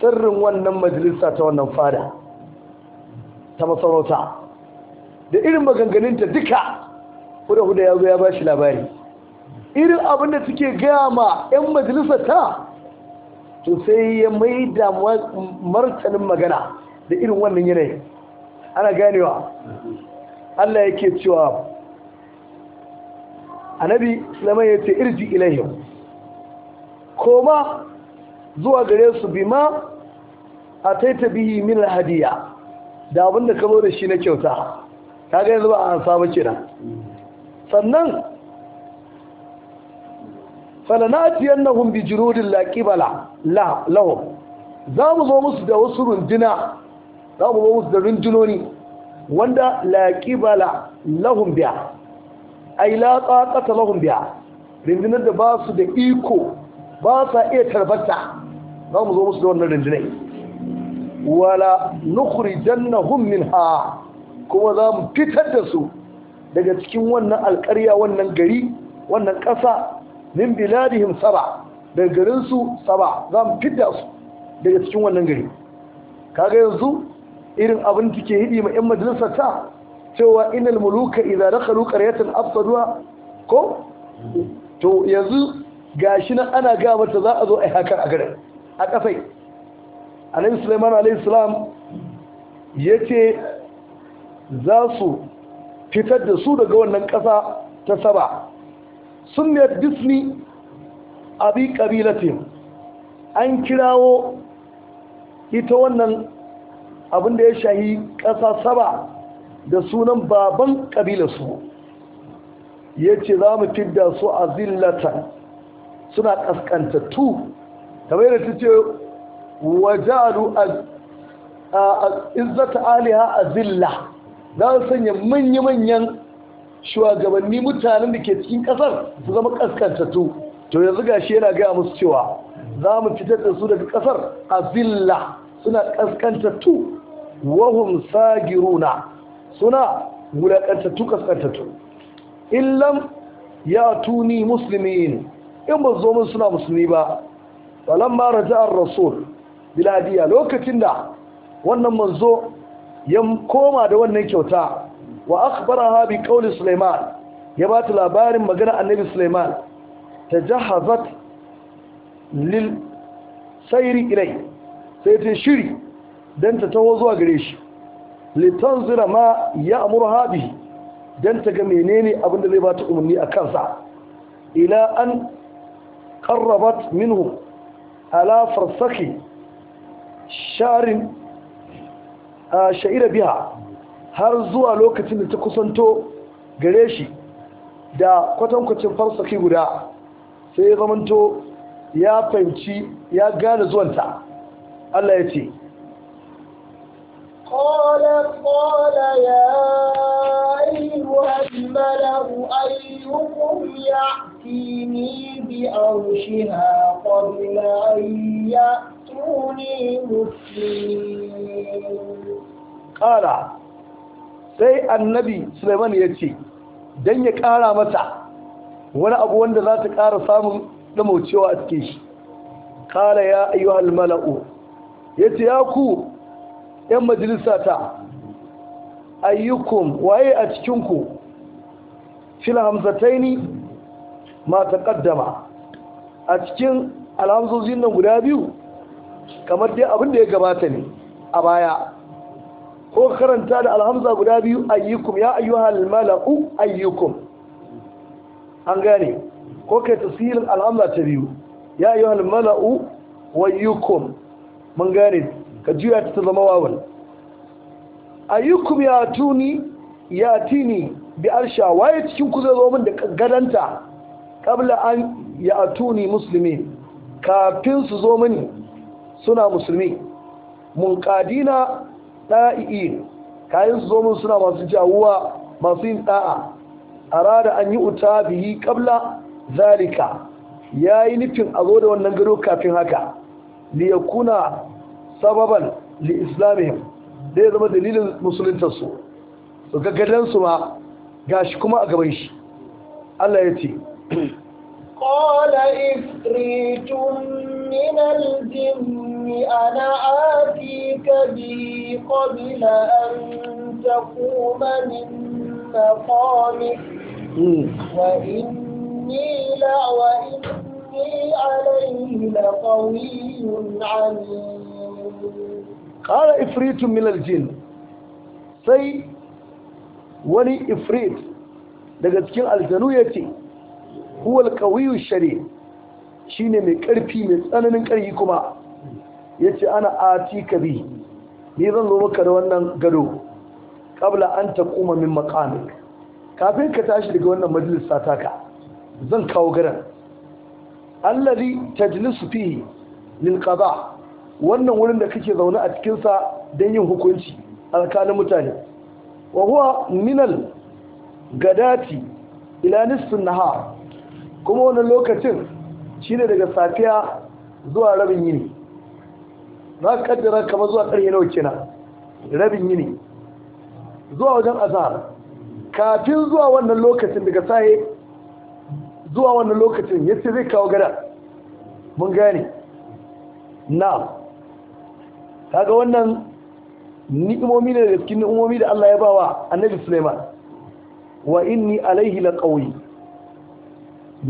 sirrin wannan majalisa ta wannan fada ta masarauta da irin maganganunta duka huda-huda ya zo ya ba labari irin abin da suke gaya ma 'yan majalisa ta to sai ya mai da martanin magana da irin wannan yanayi ana ganewa Allah yake cewa annabi sulaiman ya ce irji ilayhim koma zuwa gare su bima a taita biyu min hadiya da abinda da ka da shi na kyauta Ta gani zuwa a saba kenan sannan falanatiyannahum bi junudin la qibala la lahum za mu zo musu da wasu runduna za mu zo musu da rundunoni wanda la qibala lahum biya ai la taqata lahum biya rundunar da ba su da iko ba sa iya tarbata za mu zo musu da wannan rundunai wala nukhrijannahum minha kuma za mu fitar da su daga cikin wannan alƙarya wannan gari wannan ƙasa min biladihim saba daga garinsu saba za mu fidda su daga cikin wannan gari kaga yanzu irin abin take hidi ma yan majalisar ta cewa inal muluka idza dakhalu qaryatan afsaduha ko to yanzu gashi nan ana ga mata za a zo a haka a garin a kafai annabi sulaiman alayhi salam yace za su fitar da su daga wannan kasa ta saba sunniyar disney abi kabilatin an kirawo ita wannan abin da ya shahi ƙasa saba da sunan baban ƙabilarsu ya ce za mu fidda su a zillata suna Ta kamar yadda ta ce wajaru a izzata aliha a zilla za su sanya manya-manyan shugabanni mutanen da ke cikin kasar su zama kaskantattu to yanzu ga shi yana gaya musu cewa za mu fitar da su daga kasar azilla suna kaskantattu wahum sagiruna suna wulakantattu kaskantattu illam ya tuni Musulmin, in ba zo min suna musulmi ba falan ma an rasul biladiya lokacin da wannan manzo ya koma da wannan kyauta wa akhbaraha bi qawli Sulaiman ya ba ta labarin magana annabi Sulaiman tajahazat lil sayri ilai sai ta shiri dan ta taho zuwa gare shi litanzira ma ya'muruha bihi dan ta ga menene abin da zai ba ta umarni a kansa ila an qarrabat minhu ala farsakhi sharin sha'ira biya. har zuwa lokacin da ta kusanto gare shi da kwatankwacin farsaki guda sai ya zamanto ya fahimci ya gane zuwanta Allah ya ce قال قال يا أيها الملأ أيكم يأتيني بأرشها قبل أن يأتوني مسلمين قال sai annabi Sulaiman ya ce dan ya ƙara mata wani abu wanda za ta ƙara samun damaucewa a cikin shi kala ya ayyuhal mala'u ya ce ya ku ‘yan majalisa ta ayyukum waye a cikinku fil hamzataini ma taqaddama a cikin alhamzozin nan guda biyu kamar dai abin da ya gabata ne a baya ko karanta da alhamza guda biyu ayyukum ya ayyuha mala'u ayyukum an gane ko kai tasirin alhamza ta biyu ya ayyuha mala'u wayyukum mun gane ka juya ta ta zama wawan ayyukum ya tuni ya tini bi arsha waye cikin ku zai zo min da gadanta kabla an ya atuni musulmi kafin su zo mini suna musulmi kadina da'i'in kayan su zo suna masu jawuwa masu yin a arada an yi uta biyi ƙabla, zalika yi nufin a zo da wannan gado kafin haka li yakuna sababan li islamihim zai zama dalilin musulintarsu. su gaggadansu ma su ma kuma a gaban shi Allah ya ce قال إفريت من الجن إني أنا آتيك به قبل أن تقوم من مقامك وإني لا وإني عليه لقوي عليم قال إفريت من الجن سي wani ifrit daga cikin aljanu ya ce huwal kawiyu shari shine ne mai karfi mai tsananin karfi kuma ya ce ana ati ka ni zan zo maka da wannan gado ƙabla an ta kuma min makamik kafin ka tashi daga wannan majalisa taka zan kawo garan allari tajlisu fi lil wannan wurin da kake zaune a cikinsa don yin hukunci alkalin mutane wa huwa minal gadati ila nisfin nahar kuma wani lokacin shine daga safiya zuwa rabin yini za ka kaddara kamar zuwa karye nawa na, rabin yini zuwa wajen azhar kafin zuwa wannan lokacin daga saye zuwa wannan lokacin ya ce zai kawo gada mun gane na kaga wannan ni'imomi ne da cikin ni'imomi da Allah ya bawa annabi Sulaiman wa inni alaihi laqawi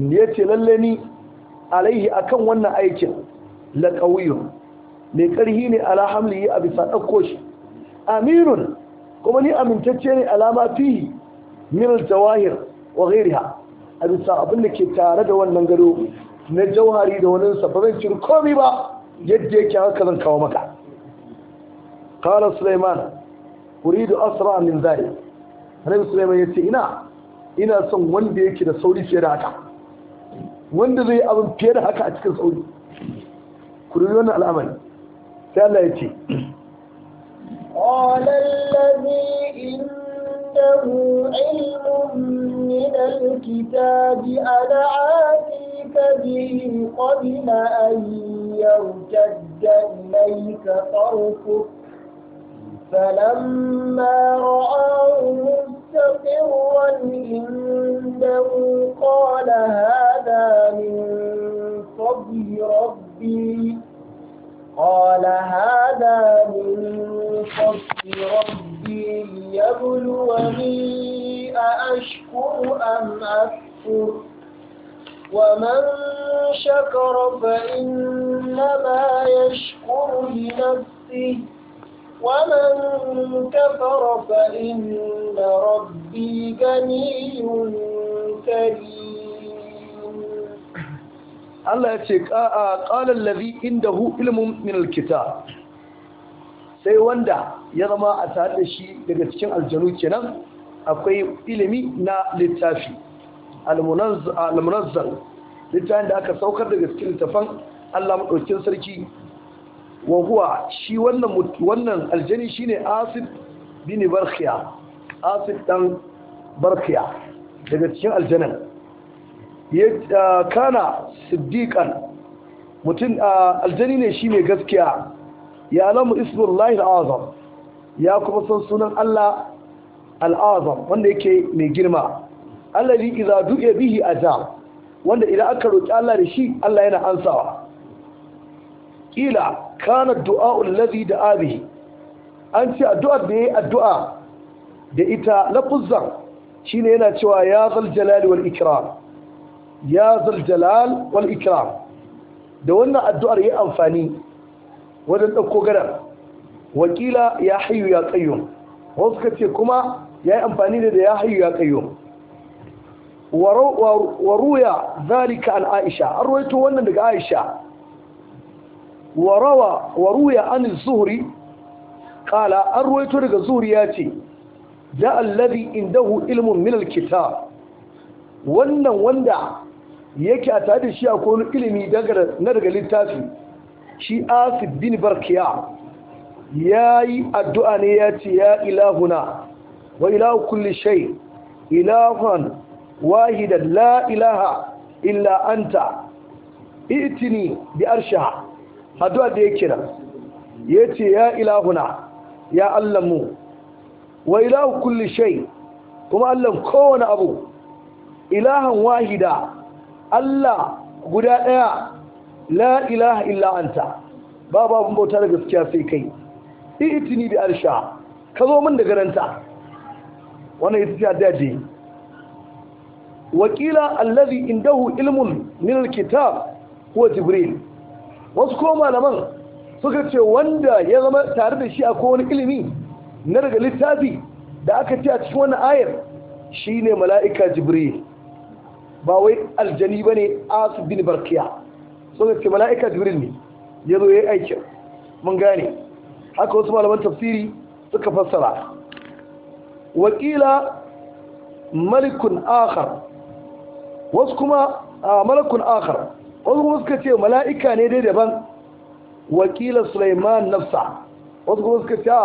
yace lalle ni alaihi akan wannan aikin laqawiyun mai ƙarhi ne ala hamli a bisa ɗauko shi amirun kuma ni amintacce ne alama fi min jawahir wa ghairiha a bisa abin da ke tare da wannan gado na jauhari da wani safa cin komi ba yadda yake haka zan kawo maka qala sulaiman uridu asra min hannun suleiman sulaiman ce ina ina son wanda yake da sauri fiye da haka wanda zai abin fiye da haka a cikin sauri ku wannan al'amari sai Allah ya ce qala allazi indahu ilmun min alkitabi ana atika bihi qabla an yartadda ilayka tarfuk فلما رآه مستقرا عنده قال هذا من فضل ربي قال هذا من فضل ربي ليبلوني أأشكر أم أكفر ومن شكر فإنما يشكر لنفسه ومن كفر فإن ربي غني كريم Allah ya ce ƙalar lazi inda hu ilmin min alkita sai wanda ya zama a tare da shi daga cikin aljanu kenan akwai ilimi na littafi almunazzal littafin da aka saukar daga cikin littafan Allah maɗaukin sarki wa huwa shi wannan wannan aljani shine Asif bin Barkhiya Asif dan Barkhiya daga cikin aljanan kana siddiƙan mutum aljani ne shi ne gaskiya ya alamu ismullahi al'azam ya kuma san sunan Allah al'azam wanda yake mai girma Alali iza du'a bihi aja wanda idan aka roki Allah da shi Allah yana ansawa ila kana du'a allazi da bihi an ce addu'ar da yayi addu'a da ita Shi shine yana cewa ya zal jalali wal ikram ya zaljalal wal ikram da wannan addu'ar ya amfani wajen ɗauko gadar wakila ya hayu ya ƙayyum wasu ce kuma ya yi amfani da da ya hayu ya ƙayyum wa ruya zalika an aisha an ruwaito wannan daga aisha wa rawa wa ruya an zuhri qala an ruwaito daga zuhri ya ce ja alladhi indahu ilmun min alkitab wannan wanda yake a tare da shi a kone ilimi na daga littafi shi asif bin barkiya ya yi addu'a ne ya ce ya ilahuna wa ilahu kulli shai ilahun wahidan la ilaha illa anta itini bi arshaha addu'a da ya kira ya ce ya ilahuna ya allamu wa ilahu kulli shai kuma allan kowane abu ilahun wahida Allah guda ɗaya la ilaha illa anta babu abin bauta da gaskiya sai kai i'tini bi arsha ka zo min da garanta wannan ita ce addaji wakila allazi indahu ilmun min alkitab huwa jibril wasu ko malaman suka ce wanda ya zama tare da shi akwai wani ilimi na daga littafi da aka ce a cikin wannan ayar shine mala'ika jibril ba wai aljani ba ne asu bin barkiya so da ce mala'ika jibril ne ya zo ya yi aikin mun gane haka wasu malaman tafsiri suka fassara wakila malikun akhar wasu kuma a malakun akhar wasu kuma suka ce mala'ika ne dai daban wakila sulaiman nafsa wasu kuma suka ce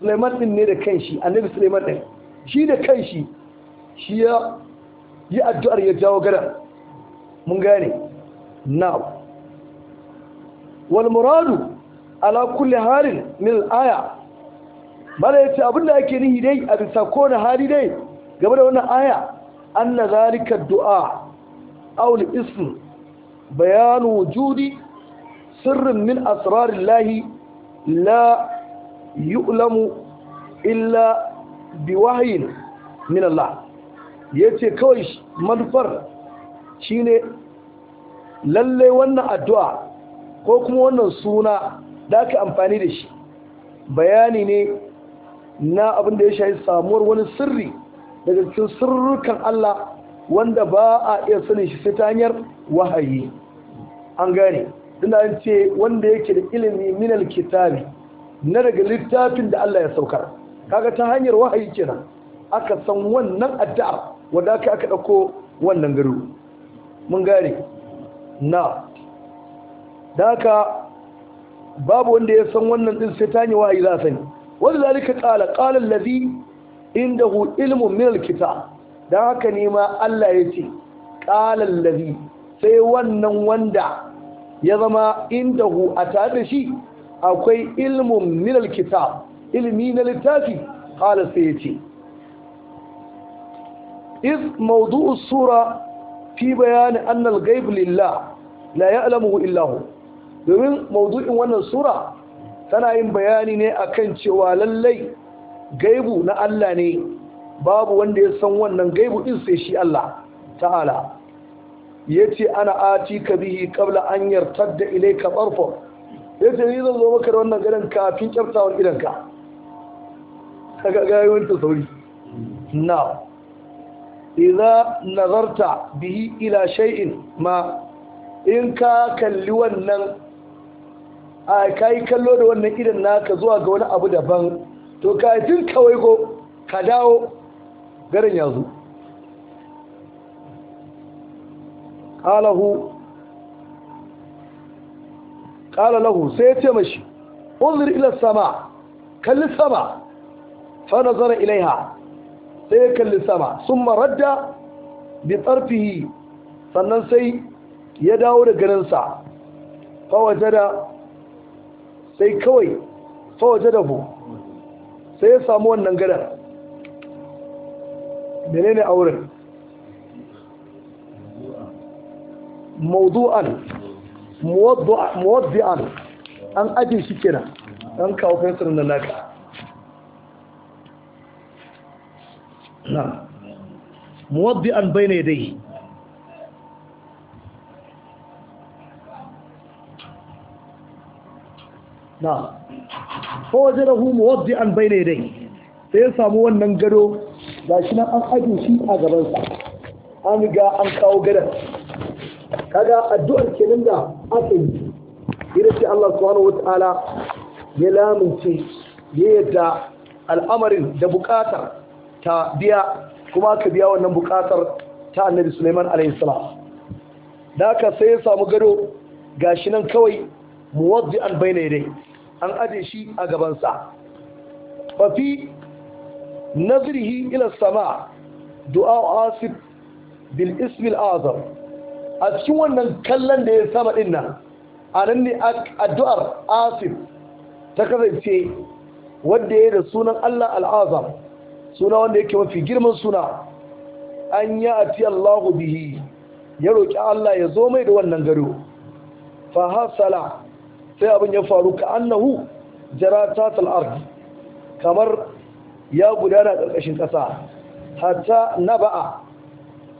sulaiman ɗin ne da kanshi annabi sulaiman ɗin, shi da kanshi shi ya yi addu'ar ya jawo gadan mun gane now Walmuradu ala kulli halin min aya bala yace abinda ake nihi dai a bisa kowane hali dai game da wannan aya anna zarika du'a aul ism bayan wujudi sirrin min asrarillahi la yu'lamu illa biwahyin min Allah ya ce kawai manufar shi ne lalle wannan addu'a ko kuma wannan suna da aka amfani da shi bayani ne na abin da ya shahi samuwar wani sirri daga cikin sirrukan Allah wanda ba a iya sanin shi sai ta hanyar wahayi an gane ina yin ce wanda yake da ilimi minal kitabi na daga littafin da Allah ya saukar kaga ta hanyar wahayi kenan aka san wannan addu'ar wadda aka aka ɗauko wannan garu mun gari. na da aka, babu wanda ya san wannan din sai ta yi wahayi za sani wanda zalika qala qala allazi hu ilmin min alkitab dan haka ne ma Allah ce ƙalar allazi sai wannan wanda ya zama hu a tare da shi akwai ilmin min kita, ilmi na littafi ƙalar sai ya ce. iz mawdu'u sura fi bayani annal ghaib lillah la ya'lamuhu illa hu domin maudu'in wannan sura tana yin bayani ne akan cewa lallai gaibu na Allah ne babu wanda ya san wannan gaibu din sai shi Allah ta'ala yace ana atika bihi qabla an yartadda ilayka tarfa yace ni zan zo maka da wannan gadan kafin kyaftawan idanka kaga ga yawancin sauri na'am Iza nazarta bihi ila shay'in ma in ka kalli wannan a kai kallo da wannan idan naka zuwa ga wani abu daban to ka tun kawai go ka dawo garin yazo qalahu sai ya ce mashi unzur ila sama kalli sama fa nazara ilaiha sai ya kalli sama sun maradda bi tsarfihi sannan sai ya dawo da ganinsa fawaje da sai kawai fawaje da bu sai ya samu wannan gadar ne auren mawdu'an muwaddi'an an ajiye shi kenan an kawo fensirin da naka na muwaddi an bai ne dai sai ya samu wannan gado ga shi nan an ajiye shi a gabansa an ga an kawo gadon kaga addu'ar kenan da aka yi irin ce Allah subhanahu wata'ala ya lamince ya yadda al'amarin da buƙatar ta biya kuma ka biya wannan bukatar ta annabi Sulaiman alayhi salam da haka sai ya samu gado gashi nan kawai muwaddi'an bayna dai an aje shi a gaban sa fa fi nazrihi ila sama du'a asif bil ismi al azam a cikin wannan kallon da ya sama din nan anan ne addu'ar asif ta kasance wanda ya da sunan Allah al azam suna wanda yake mafi girman suna an yi ati Allahu bihi ya roƙi Allah ya zo mai da wannan gado fa hasala sai abin ya faru ka annahu jara ta ard kamar ya gudana ƙarƙashin ƙasa hatta naba'a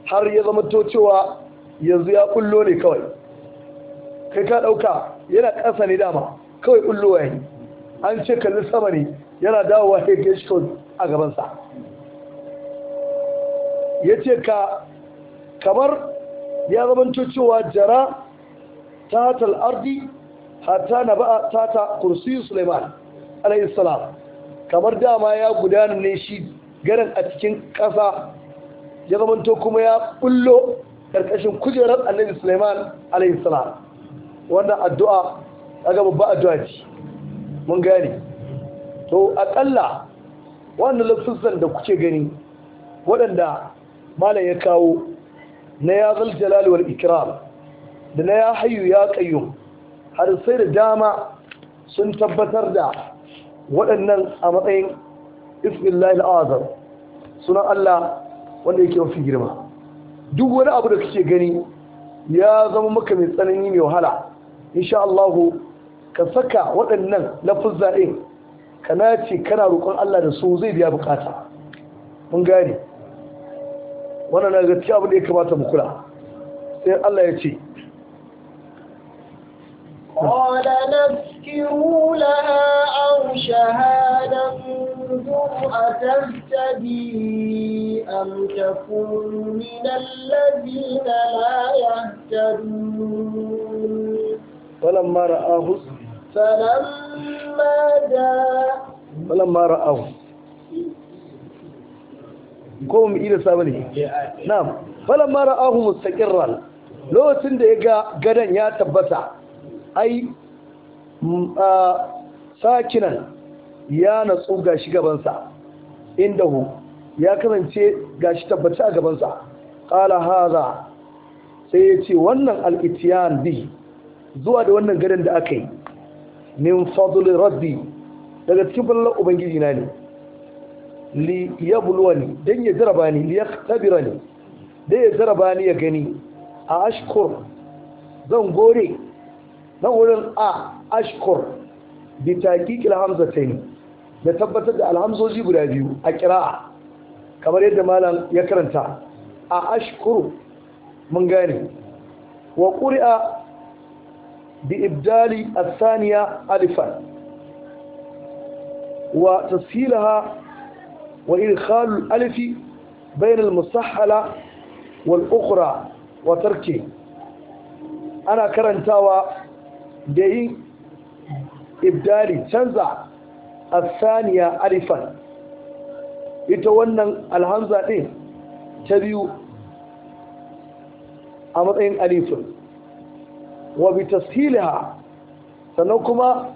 har ya zama to cewa yanzu ya kullo ne kawai kai ka ɗauka yana ƙasa ne dama kawai kullo yayi an ce kalli sama ne yana dawowa ya gashi a gabansa ya ce ka kamar ya zamanto cewa jara ta tal'ardi hata na ba ta ta kursi suleiman alaihissalam kamar dama ya gudana ne shi garin a cikin ƙasa ya zamanto kuma ya bullo ƙarƙashin kujerar annabi suleiman alaihissalam wannan addu'a a gaba addu'a ce mun gani to aƙalla wannan lafizan da kuke gani waɗanda malam ya kawo na ya zal wal ikram da na ya hayu ya qayyum har sai da dama sun tabbatar da waɗannan a matsayin ismillahi al'azam sunan Allah wanda yake mafi girma duk wani abu da kuke gani ya zama maka mai tsanani mai wahala sha Allah ka saka waɗannan lafuzza ɗin ka nace kana roƙon Allah da su zai biya bukata mun gane wannan na ga abin da ya kamata mu kula sai Allah ya ce قال نذكروا لها عرشها ننظر أتهتدي أم تكون من الذين لا يهتدون فلما رآه فلما falamma ra'ahu ko mu ida sa bane na'am falamma ra'ahu mustaqirran lokacin da ya ga gadan ya tabbata ai sakinan ya natsu gashi gabansa inda hu ya kasance gashi tabbata a gabansa qala haza sai ya ce wannan al-ityan bi zuwa da wannan gadan da aka yi min fadli rabbi daga cikin falalar ubangiji na ne li yabluwani dan ya zaraba ni li yaktabirani dan ya jaraba ni ya gani a ashkur zan gore na wurin a ashkur bi taqiqil hamzatain da tabbatar da alhamzoji guda biyu a qira'a kamar yadda malam ya karanta a ashkuru mun gane wa ƙuri'a بإبدال الثانية ألفا وتسهيلها وإدخال الألف بين المسحلة والأخرى وتركه أنا كرنتاوى دي إبدالي تنزع الثانية ألفا يتونن الهمزة إيه تبيو أمرين ألفا wa bi tashiliha sannan kuma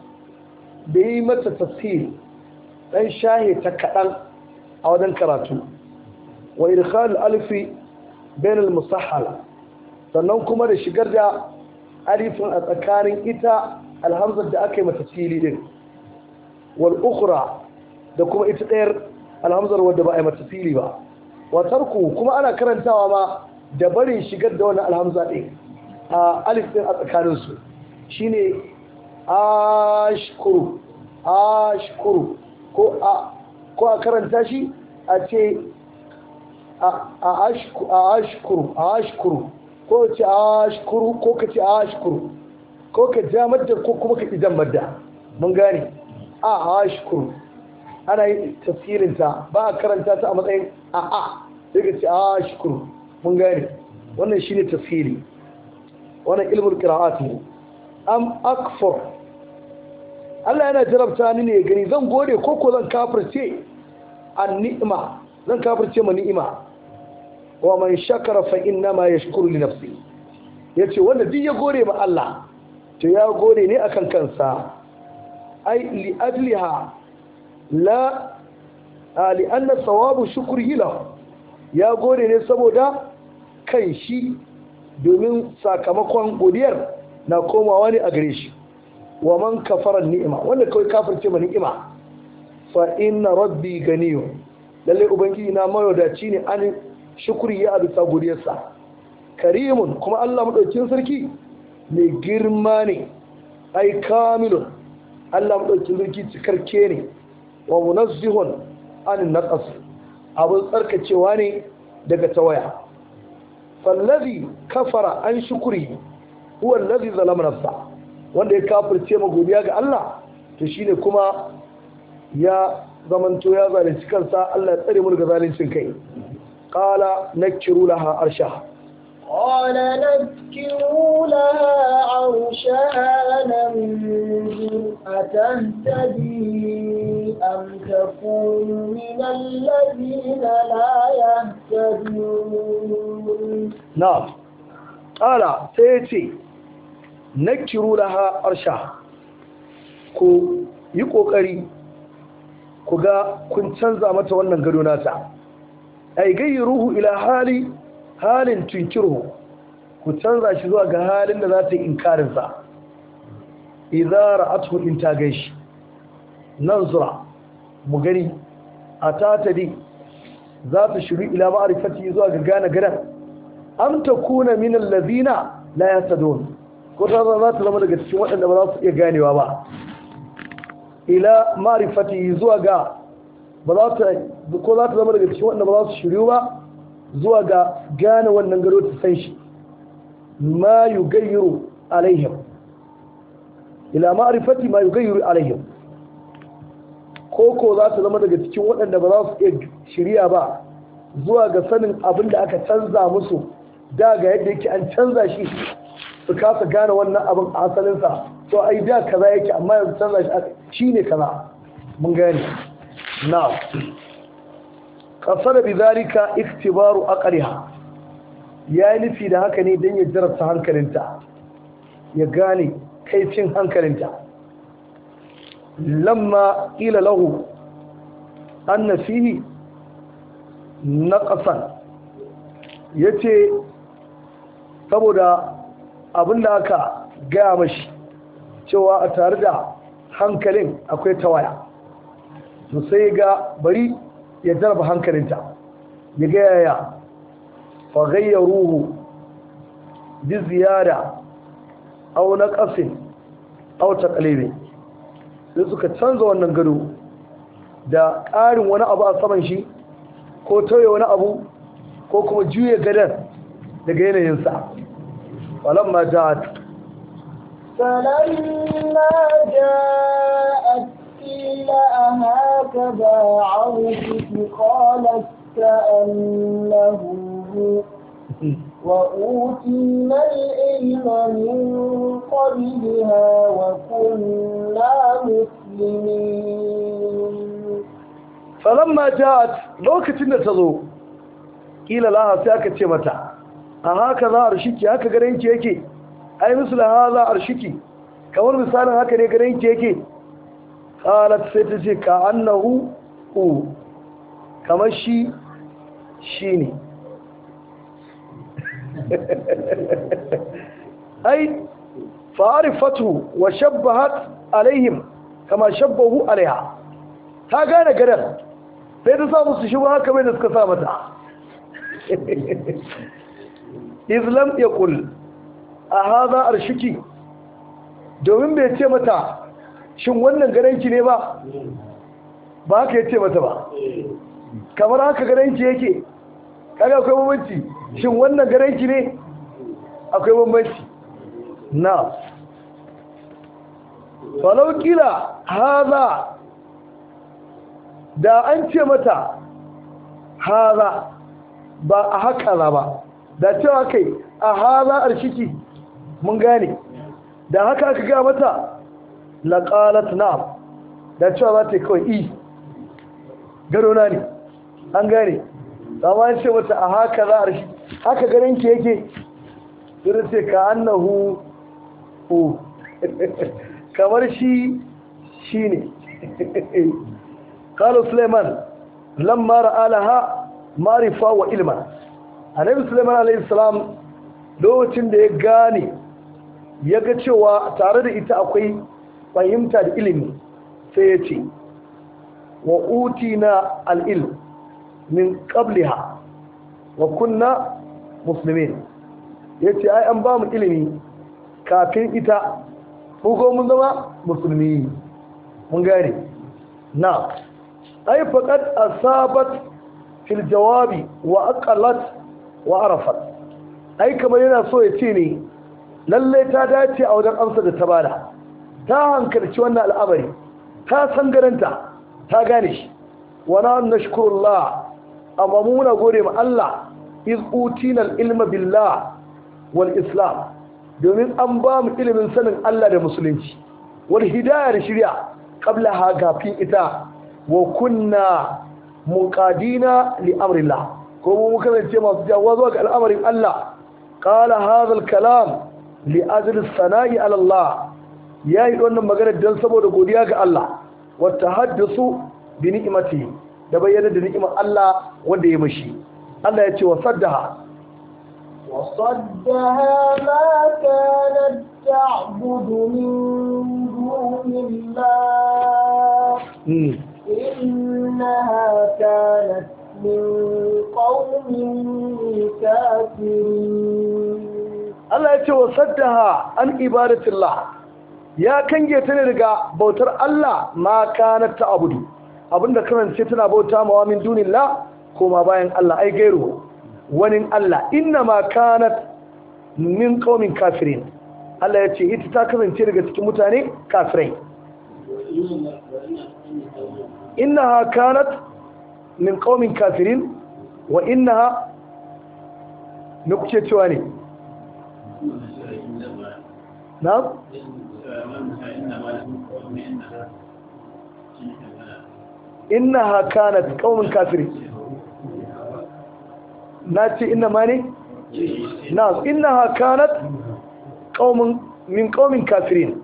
da yi mata tashil ɗan shahe ta kaɗan a wajen karatu wa irkhal alfi bain al musahhala sannan kuma da shigar da alifin a tsakanin ita alhamzar da aka yi mata tashili din wal ukhra da kuma ita ɗayar alhamzar wadda ba a yi mata tashili ba wa tarku kuma ana karantawa ma da barin shigar da wannan alhamza ɗin alif din a tsakaninsu shine ashkuru ashkuru ko a ko a karanta shi a ce a ashkuru a ashkuru ko ce ashkuru ko ka ce ashkuru ko ka ja madda ko kuma ka idan madda mun gane a ashkuru ana yin tafsirinta ba a karanta ta a matsayin sai daga ce ashkuru mun gane wannan shine tafsiri wannan ilmul qira'at ne am akfur Allah yana jarabta ni ne gani zan gode ko ko zan kafirce an ni'ima zan kafirce ma ni'ima wa man shakara fa inna ma yashkuru li nafsi yace wanda duk ya gode ma Allah to ya gode ne akan kansa ai li adliha la ali anna thawabu shukrihi lahu ya gode ne saboda kan shi domin sakamakon godiyar na komawa ne a gare shi wa man kafara ni'ima wanda kawai kafirce ma ni'ima fa inna rabbi ganiyu. lalle ubangiji na mawadaci ne an shukuri ya abisa godiyarsa karimun kuma Allah madaukin sarki mai girma ne ai kamilun Allah madaukin sarki cikarke ne wa munazzihun an naqas abun tsarkacewa ne daga tawaya fallazi kafara an shukuri huwa allazi zalama nafsa wanda ya kafirce ma godiya ga Allah to shine kuma ya zamanto ya zalunci kansa Allah ya tsare mu ga zaluncin kai qala nakiru laha arsha qala nakiru laha arsha nan أم تكون من الذين لا يهتدون نعم قال سيتي نكروا لها أرشا ku yi ƙoƙari ku ga kun canza mata wannan gado nata ai gayyaruhu ila hali halin tunkiruhu ku canza shi zuwa ga halin da za ta yi inkarinsa idza ra'atuhu in ta gaishi nan zura mu gani a tatari za su shiru ila ma'arifati zuwa ga gane gadan am takuna min allazina la yasadun ko ta za ta zama daga cikin waɗanda ba za su iya ganewa ba ila ma'arifati zuwa ga ba za ta ko za ta zama daga cikin waɗanda ba za su shiru ba zuwa ga gane wannan gado ta san shi ma yugayyiru alaihim ila ma'arifati ma yugayyiru alaihim ko ko za su zama daga cikin waɗanda ba za su iya shirya ba zuwa ga sanin abin da aka canza musu da ga yadda yake an canza shi su kasa gane wannan abin a asalinsa to ai da kaza yake amma yanzu canza shi shi ne kaza mun gane na kasar Bizarika iktibaru aqriha ya yi nufi da haka ne don ya jarabta hankalinta ya gane kaifin hankalinta lamma ƙila lahu أن فيه نقصا yace saboda أبن aka gaya mashi cewa tare da hankalin akwai tawaya to sai ga bari ya hankalin hankalinta ya ga yaya fa ghayyaruhu bi na aw naqasin aw taqlibin da suka canza wannan gado da ƙarin wani abu a saman shi ko tauye wani abu ko kuma juye gadon daga yanayinsa falon ma ja فلما جاءت قيل أهكذا عرشك قالت كأنه وأوتينا العلم من قبلها وكنا مسلمين فلما جاءت لو كتنا تزو قيل لها ساكت متى أهكذا أرشكي هكا قرينك يكي أي مثل هذا أرشكي كمان مثال هكذا قرينك يكي قالت ستجي كأنه هو كما شي شيني ai fa'arifatu wa shabbahat alaihim kama shabbahu alaiha ta gane gadar sai ta sa musu shi haka mai da suka sa mata islam ya kul a haza arshiki domin bai ce mata shin wannan garanki ne ba ba haka ya ce mata ba kamar haka gadanki yake kaga akwai mamanci shin wannan ki ne akwai bambanci na falau kila haza da an ce mata haza ba a haka za ba da cewa kai a haza arshiki mun gane da haka aka ga mata laƙalat na da cewa za ta kawai i gado na ne an gane amma an ce mata a haka za arshiki haka ganin ki yake sun sai ka annahu o kamar shi shi ne kalu suleiman lamma ra'alaha marifa wa ilma annabi suleiman alayhi salam lokacin da ya gane ya ga cewa tare da ita akwai fahimta da ilimi sai ya ce wa utina al-ilm min qabliha wa kunna musulmi ya ce ai an ba mu ilimi kafin ita ko mun zama musulmi mun gane na ai faqad asabat fil jawabi wa aqalat wa arafat ai kamar yana so ya ce ne Lallai ta dace a wajen amsa da ta bada ta hankalci wannan al'amari ta san garanta ta gane shi wa na nashkurullah amma muna gode ma Allah iz ilma billah wal islam domin an ba mu ilimin sanin Allah da musulunci wal hidayah da shari'a qabla ha gafin ita wa kunna muqadina li amrillah ko mu kasance masu jawo zuwa ga al'amarin Allah qala hadha al-kalam li ajli sanai ala Allah yayi wannan magana dan saboda godiya ga Allah wa tahaddasu bi ni'mati da bayyana da ni'imar Allah wanda ya mashi Allah ya ce wa saddaha وصدها ما كانت تعبد min دون الله إنها كانت من قوم كافرين Allah ya ce wa saddaha an ibadatillah ya kange ta ne daga bautar Allah ma kanat ta abudu abinda ce tana bauta mawa min dunillah koma bayan Allah ai gairu wani Allah inna ma kanat min qaumin kafirin Allah ya ce ita ta kasance daga cikin mutane kafirai innaha kanat min qaumin kafirin wa innaha nukce cewa ne na? innaha kanat qaumin kafirin na ce inna ma ne na inna ha min qaumin kafirin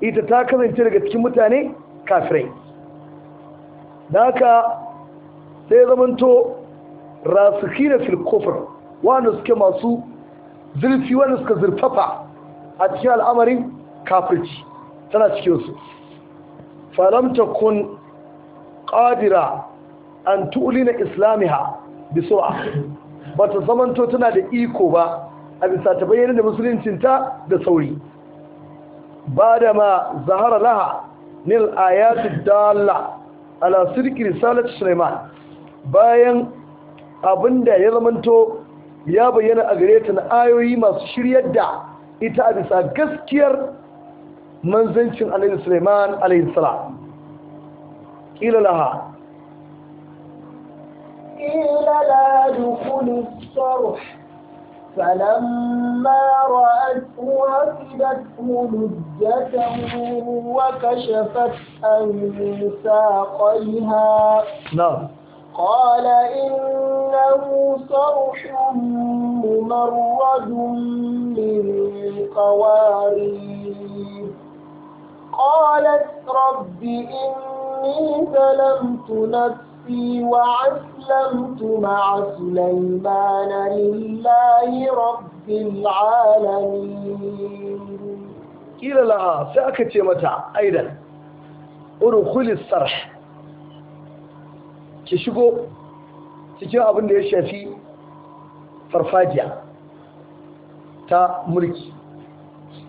ita ta kasance daga cikin mutane kafirai da haka sai zamanto rasikhina fil kufr wanda suke masu zurfi wanda suka zurfafa a cikin al'amarin kafirci tana cikin su kun ƙadira qadira an na islamiha bi sur'a ba ta zamanto tana da iko ba a bisa ta bayyana da musuluncinta da sauri ba da ma zahara laha nil ayatu dalla ala sirki risalat suleiman bayan abin da ya zamanto ya bayyana a gare ta na ayoyi masu shiryar da ita a bisa gaskiyar manzancin alayhi suleiman alayhi salam ƙila laha قيل لا دخل الصرح فلما رأته هفدته لجة وكشفت عن ساقيها نعم قال إنه صرح ممرد من قوارير قالت رب إني ظلمت نفسي نفسي وأسلمت مع سليمان sai aka ce mata لها سأكت متى أيضا أدخل الصرح كشكو cikin abin da ya shafi farfajiya ta mulki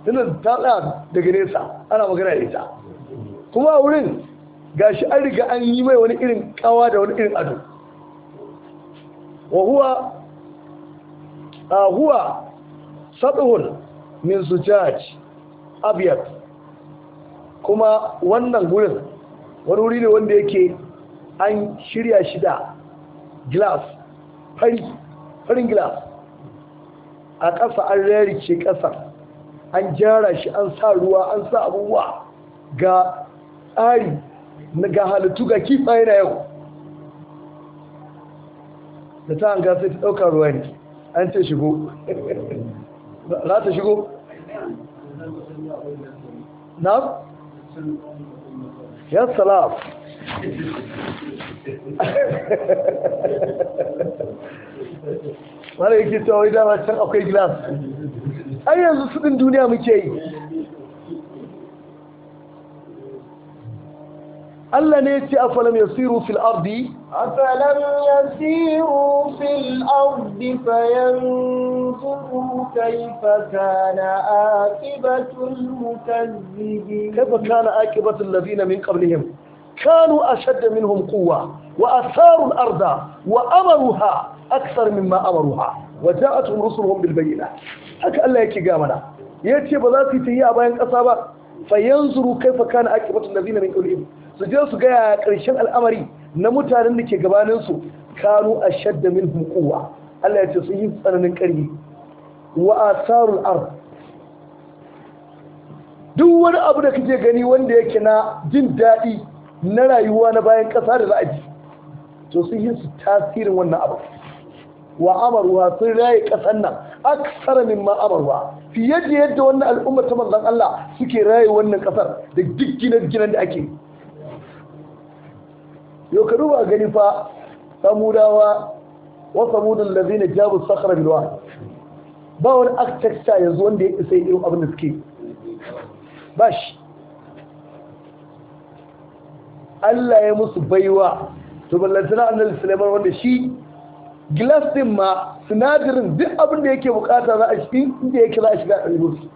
tana ta daga nesa ana magana da ita kuma wurin Ga shi an riga an yi mai wani irin kawa da wani irin ado wa huwa a huwa saduhun min sujaj abiyat kuma wannan gurin wani wuri ne wanda yake an shirya shi da glass fari farin glass a ƙasa an rarice ƙasa an jara shi an sa ruwa an sa abubuwa ga tsari ga halittu ga kifaye na yau da ta hanga sai ta ɗauka ruwa ne an ce shigo za ta shigo na? ya salaf wani yake tawai idan can akwai gilas ayyanzu yanzu suɗin duniya muke yi الله نيتي أفلم يسيروا في الأرض أفلم يسيروا في الأرض فينظروا كيف كان آكبة المكذبين كيف كان آكبة الذين من قبلهم كانوا أشد منهم قوة وأثاروا الأرض وأمروها أكثر مما أمروها وجاءتهم رسلهم بالبينة هكا الله يكي قامنا يأتي بذاتي تهي أبا ينقصها فينظروا كيف كان آكبة الذين من قبلهم su je su gaya ƙarshen al'amari na mutanen da ke gabaninsu kanu a shadda min hukuwa Allah ya ce sun yi tsananin ƙarfi wa asarul duk wani abu da kake gani wanda yake na jin daɗi na rayuwa na bayan ƙasa da ra'aji to sun yi su tasirin wannan abu wa amarwa sun raye ƙasar nan aksara min ma amarwa fiye da yadda wannan al'ummar ta manzon Allah suke raye wannan ƙasar da duk gine-ginen da ake yau ka duba gani fa samudawa wa samudun lazina jabu sakhara bilwa ba wani architecture yanzu wanda ya isa irin abin da suke ba shi Allah ya musu baiwa to ballantana annal Sulaiman wanda shi glass din ma sinadarin duk abin da yake bukata za a shi inda yake za a shiga a rubutu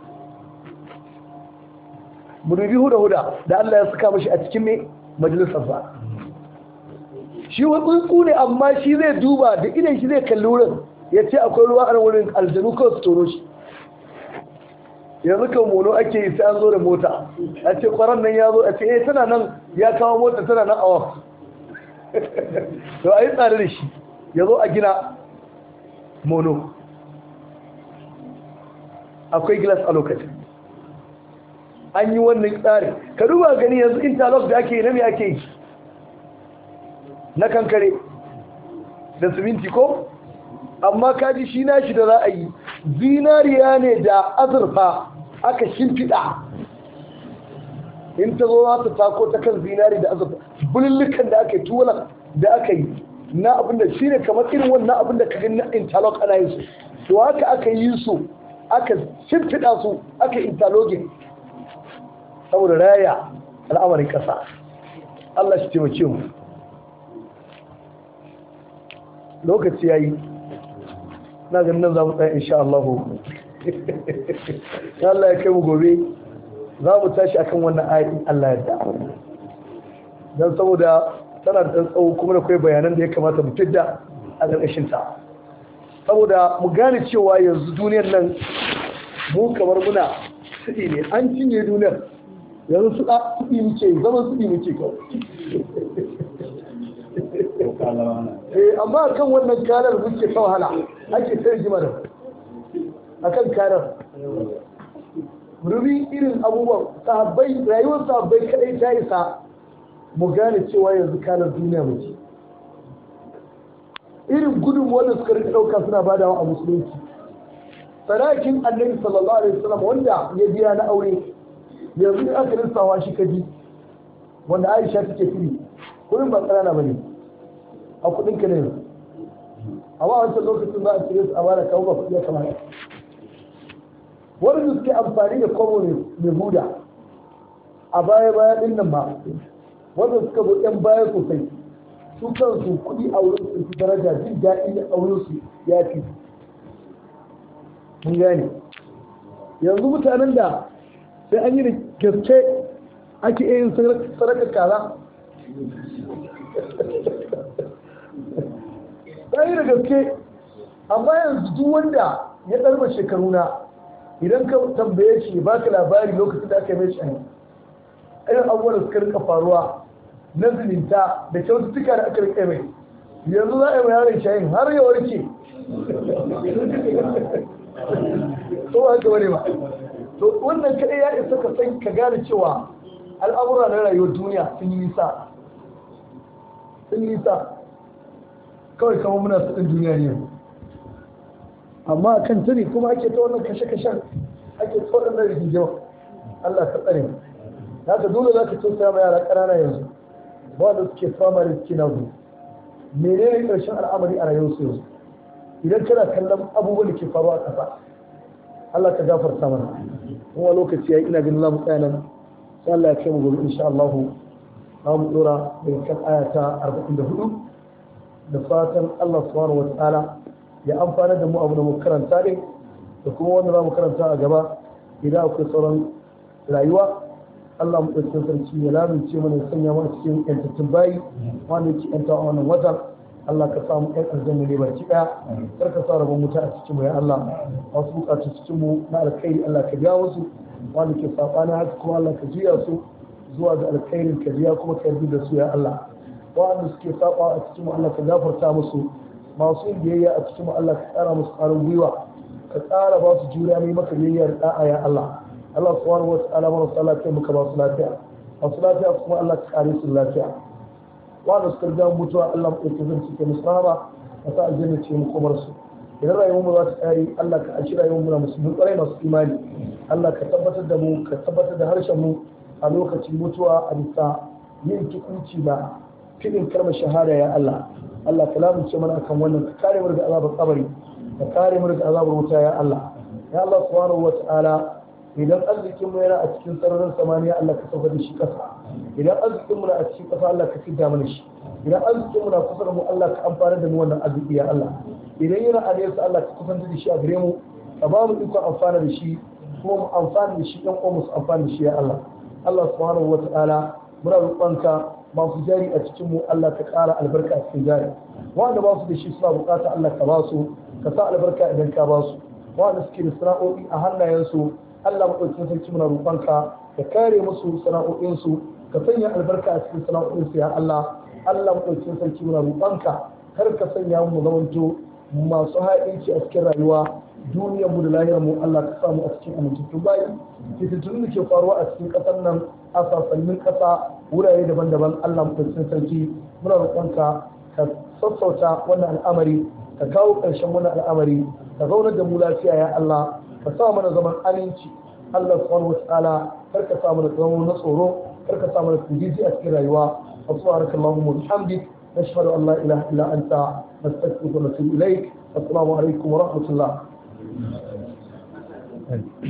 muribi huda huda da Allah ya saka mashi a cikin me majalisar sa shi wani tsuntsu ne amma shi zai duba da idan shi zai kalli wurin ya ce akwai ruwa a wurin aljanu kawai su tono shi yanzu kan mono ake yi sai an zo da mota a ce kwaran nan ya zo a ce eh tana nan ya kawo mota tana nan awa to a yi tsari da shi ya zo a gina mono akwai gilas a lokacin an yi wannan tsari ka duba gani yanzu interlock da ake yi na me ake yi na kankare da siminti ko amma kaji shi nashi da za a yi zinariya ne da azurfa aka shimfiɗa in ta zo za ta tako ta kan zinari da azurfa bulullukan da aka yi tuwalan da aka yi na abin da shi ne kamar irin wannan abin da ka na interlock ana yin su to haka aka yi su aka shimfiɗa su aka interlocking saboda raya al'amarin ƙasa Allah shi taimake mu lokaci ya yi na ganin nan za mu tsaya insha Allah Allah ya kai mu gobe za mu tashi akan wannan ayatin Allah ya da dan saboda tana da ɗan tsawo kuma da kai bayanan da ya kamata mu fidda a ƙarƙashin ta saboda mu gane cewa yanzu duniyar nan mu kamar muna suɗi ne an cinye duniyar yanzu suɗa suɗi muke zaman suɗi muke kawai eh amma kan wannan kanar kuke ta wahala ake ta rigima da akan kalar rubi irin abubuwan sahabbai rayuwar sahabbai kadai ta isa mu gane cewa yanzu kalar duniya muke irin gudun wanda suka rika ɗauka suna bada wa musulunci sadakin annabi sallallahu alaihi wasallam wanda ya biya na aure yanzu in aka lissawa shi kaji wanda Aisha take fili kurin ba tsarana bane a kudin ka ne amma wancan lokacin ba a cire su a bada kawo ba kudi ya kamata wanda suke amfani da kwabo mai huda a baya baya din nan ba wanda suka bu yan baya sosai su kansu kuɗi a wurin su daraja jin daɗi da a wurin su ya fi mun gane yanzu mutanen da sai an yi da gaske ake yin sarakar kaza ɗaya da gaske amma yanzu duk wanda ya ɗarba shekaru na idan ka tambaye shi ba ka labari lokacin da aka yi mai shi irin abubuwan suka rika faruwa na zilinta da kyaututtuka da aka rike mai yanzu za a yi yaron shayin har yi warke to ba haka bane ba to wannan kaɗai ya isa ka san ka gane cewa al'amura na rayuwar duniya sun yi nisa sun yi nisa kawai kama muna su tsakin duniya ne amma a kan tuni kuma ake ta wannan kashe-kashen ake ta wannan rigijewa Allah ta tsare na ta dole za ka tausaya ma yara ƙanana yanzu ba da suke fama da suke nazo menene ƙarshen al'amari a rayuwarsu yanzu idan kana kallon abubuwan da ke faruwa a ƙasa Allah ka gafarta mana kuma lokaci ya ina ganin lamu tsaya nan sai Allah ya kai mu gobe insha Allah za mu dora daga kan ayata 44 da fatan Allah subhanahu wataala ya amfana da mu abu da mu karanta ne da kuma wanda za mu karanta a gaba idan akwai sauran rayuwa Allah mu ɗauki sarki ya lamince mana ya sanya mana cikin yantattun bayi wanda yake yanta a wannan watan Allah ka samu ɗan aljanna ne baki ɗaya kar ka sa rabon wuta a cikin mu ya Allah wasu bukatu cikin mu na alkhairi Allah ka biya wasu wanda ke saɓanin haka kuma Allah ka juya su zuwa ga alkhairin ka biya kuma ka yarda da su ya Allah waɗanda suke saba a cikin Allah ka gafarta musu masu biyayya a cikin Allah ka tsara musu ƙarin gwiwa ka ƙara ba su juriya ne maka biyayyar da'a ya Allah Allah subhanahu wa ta'ala mana su lafiya muka ba su lafiya masu lafiya kuma Allah ka kare su lafiya waɗanda suka riga mutuwa Allah mu ɗauki zan cike musu rama ka sa aljanna ce mu komar su idan rayuwar mu za ta tsari Allah ka ashi rayuwar mu na musulmi ƙwarai masu imani Allah ka tabbatar da mu ka tabbatar da harshen mu a lokacin mutuwa a bisa yin tukunci da fidin kalmar shahada ya Allah Allah ka lamunce mana akan wannan ka kare mu daga azabar kabari ka kare mu daga azabar wuta ya Allah ya Allah subhanahu wa ta'ala idan arzikin mu yana a cikin sararin samaniya Allah ka sauka da shi kasa idan arzikin mu na a cikin kasa Allah ka fidda mana shi idan arzikin mu na kusa da mu Allah ka amfana da mu wannan arziki ya Allah idan yana a nesa Allah ka kusanta da shi a gare mu ka ba mu ikon amfana da shi kuma mu amfana da shi ɗan uwan mu su amfana da shi ya Allah Allah subhanahu wa ta'ala muna rubanka masu jari a cikin mu Allah ka ƙara albarka a cikin jari wanda ba su da shi suna bukata Allah ka ba su ka sa albarka idan ka ba su wanda suke da sana'o'i a hannayensu Allah maɗaukakin sarki muna rubanka ka kare musu sana'o'insu ka sanya albarka a cikin sana'o'insu ya Allah Allah maɗaukakin sarki muna rubanka kar ka sanya mu zamanto masu haɗinci a cikin rayuwa duniyar mu da lahiyar mu Allah ka samu a cikin amintattun bayi fitattun da ke faruwa a cikin ƙasar nan a sasannin ƙasa wurare daban-daban Allah mutuncin sarki muna roƙonka ka sassauta wannan al'amari ka kawo ƙarshen wannan al'amari ka zauna da mu lafiya ya Allah ka sa mana zaman aminci Allah subhanahu wataala kar ka sa mana zama na tsoro kar ka sa mana tijiji a cikin rayuwa subhanakallahumma wa bihamdik nashhadu an la ilaha illa anta nastaghfiruka wa natubu ilaik assalamu alaikum wa rahmatullah Thank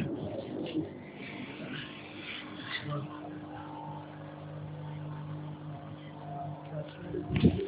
you.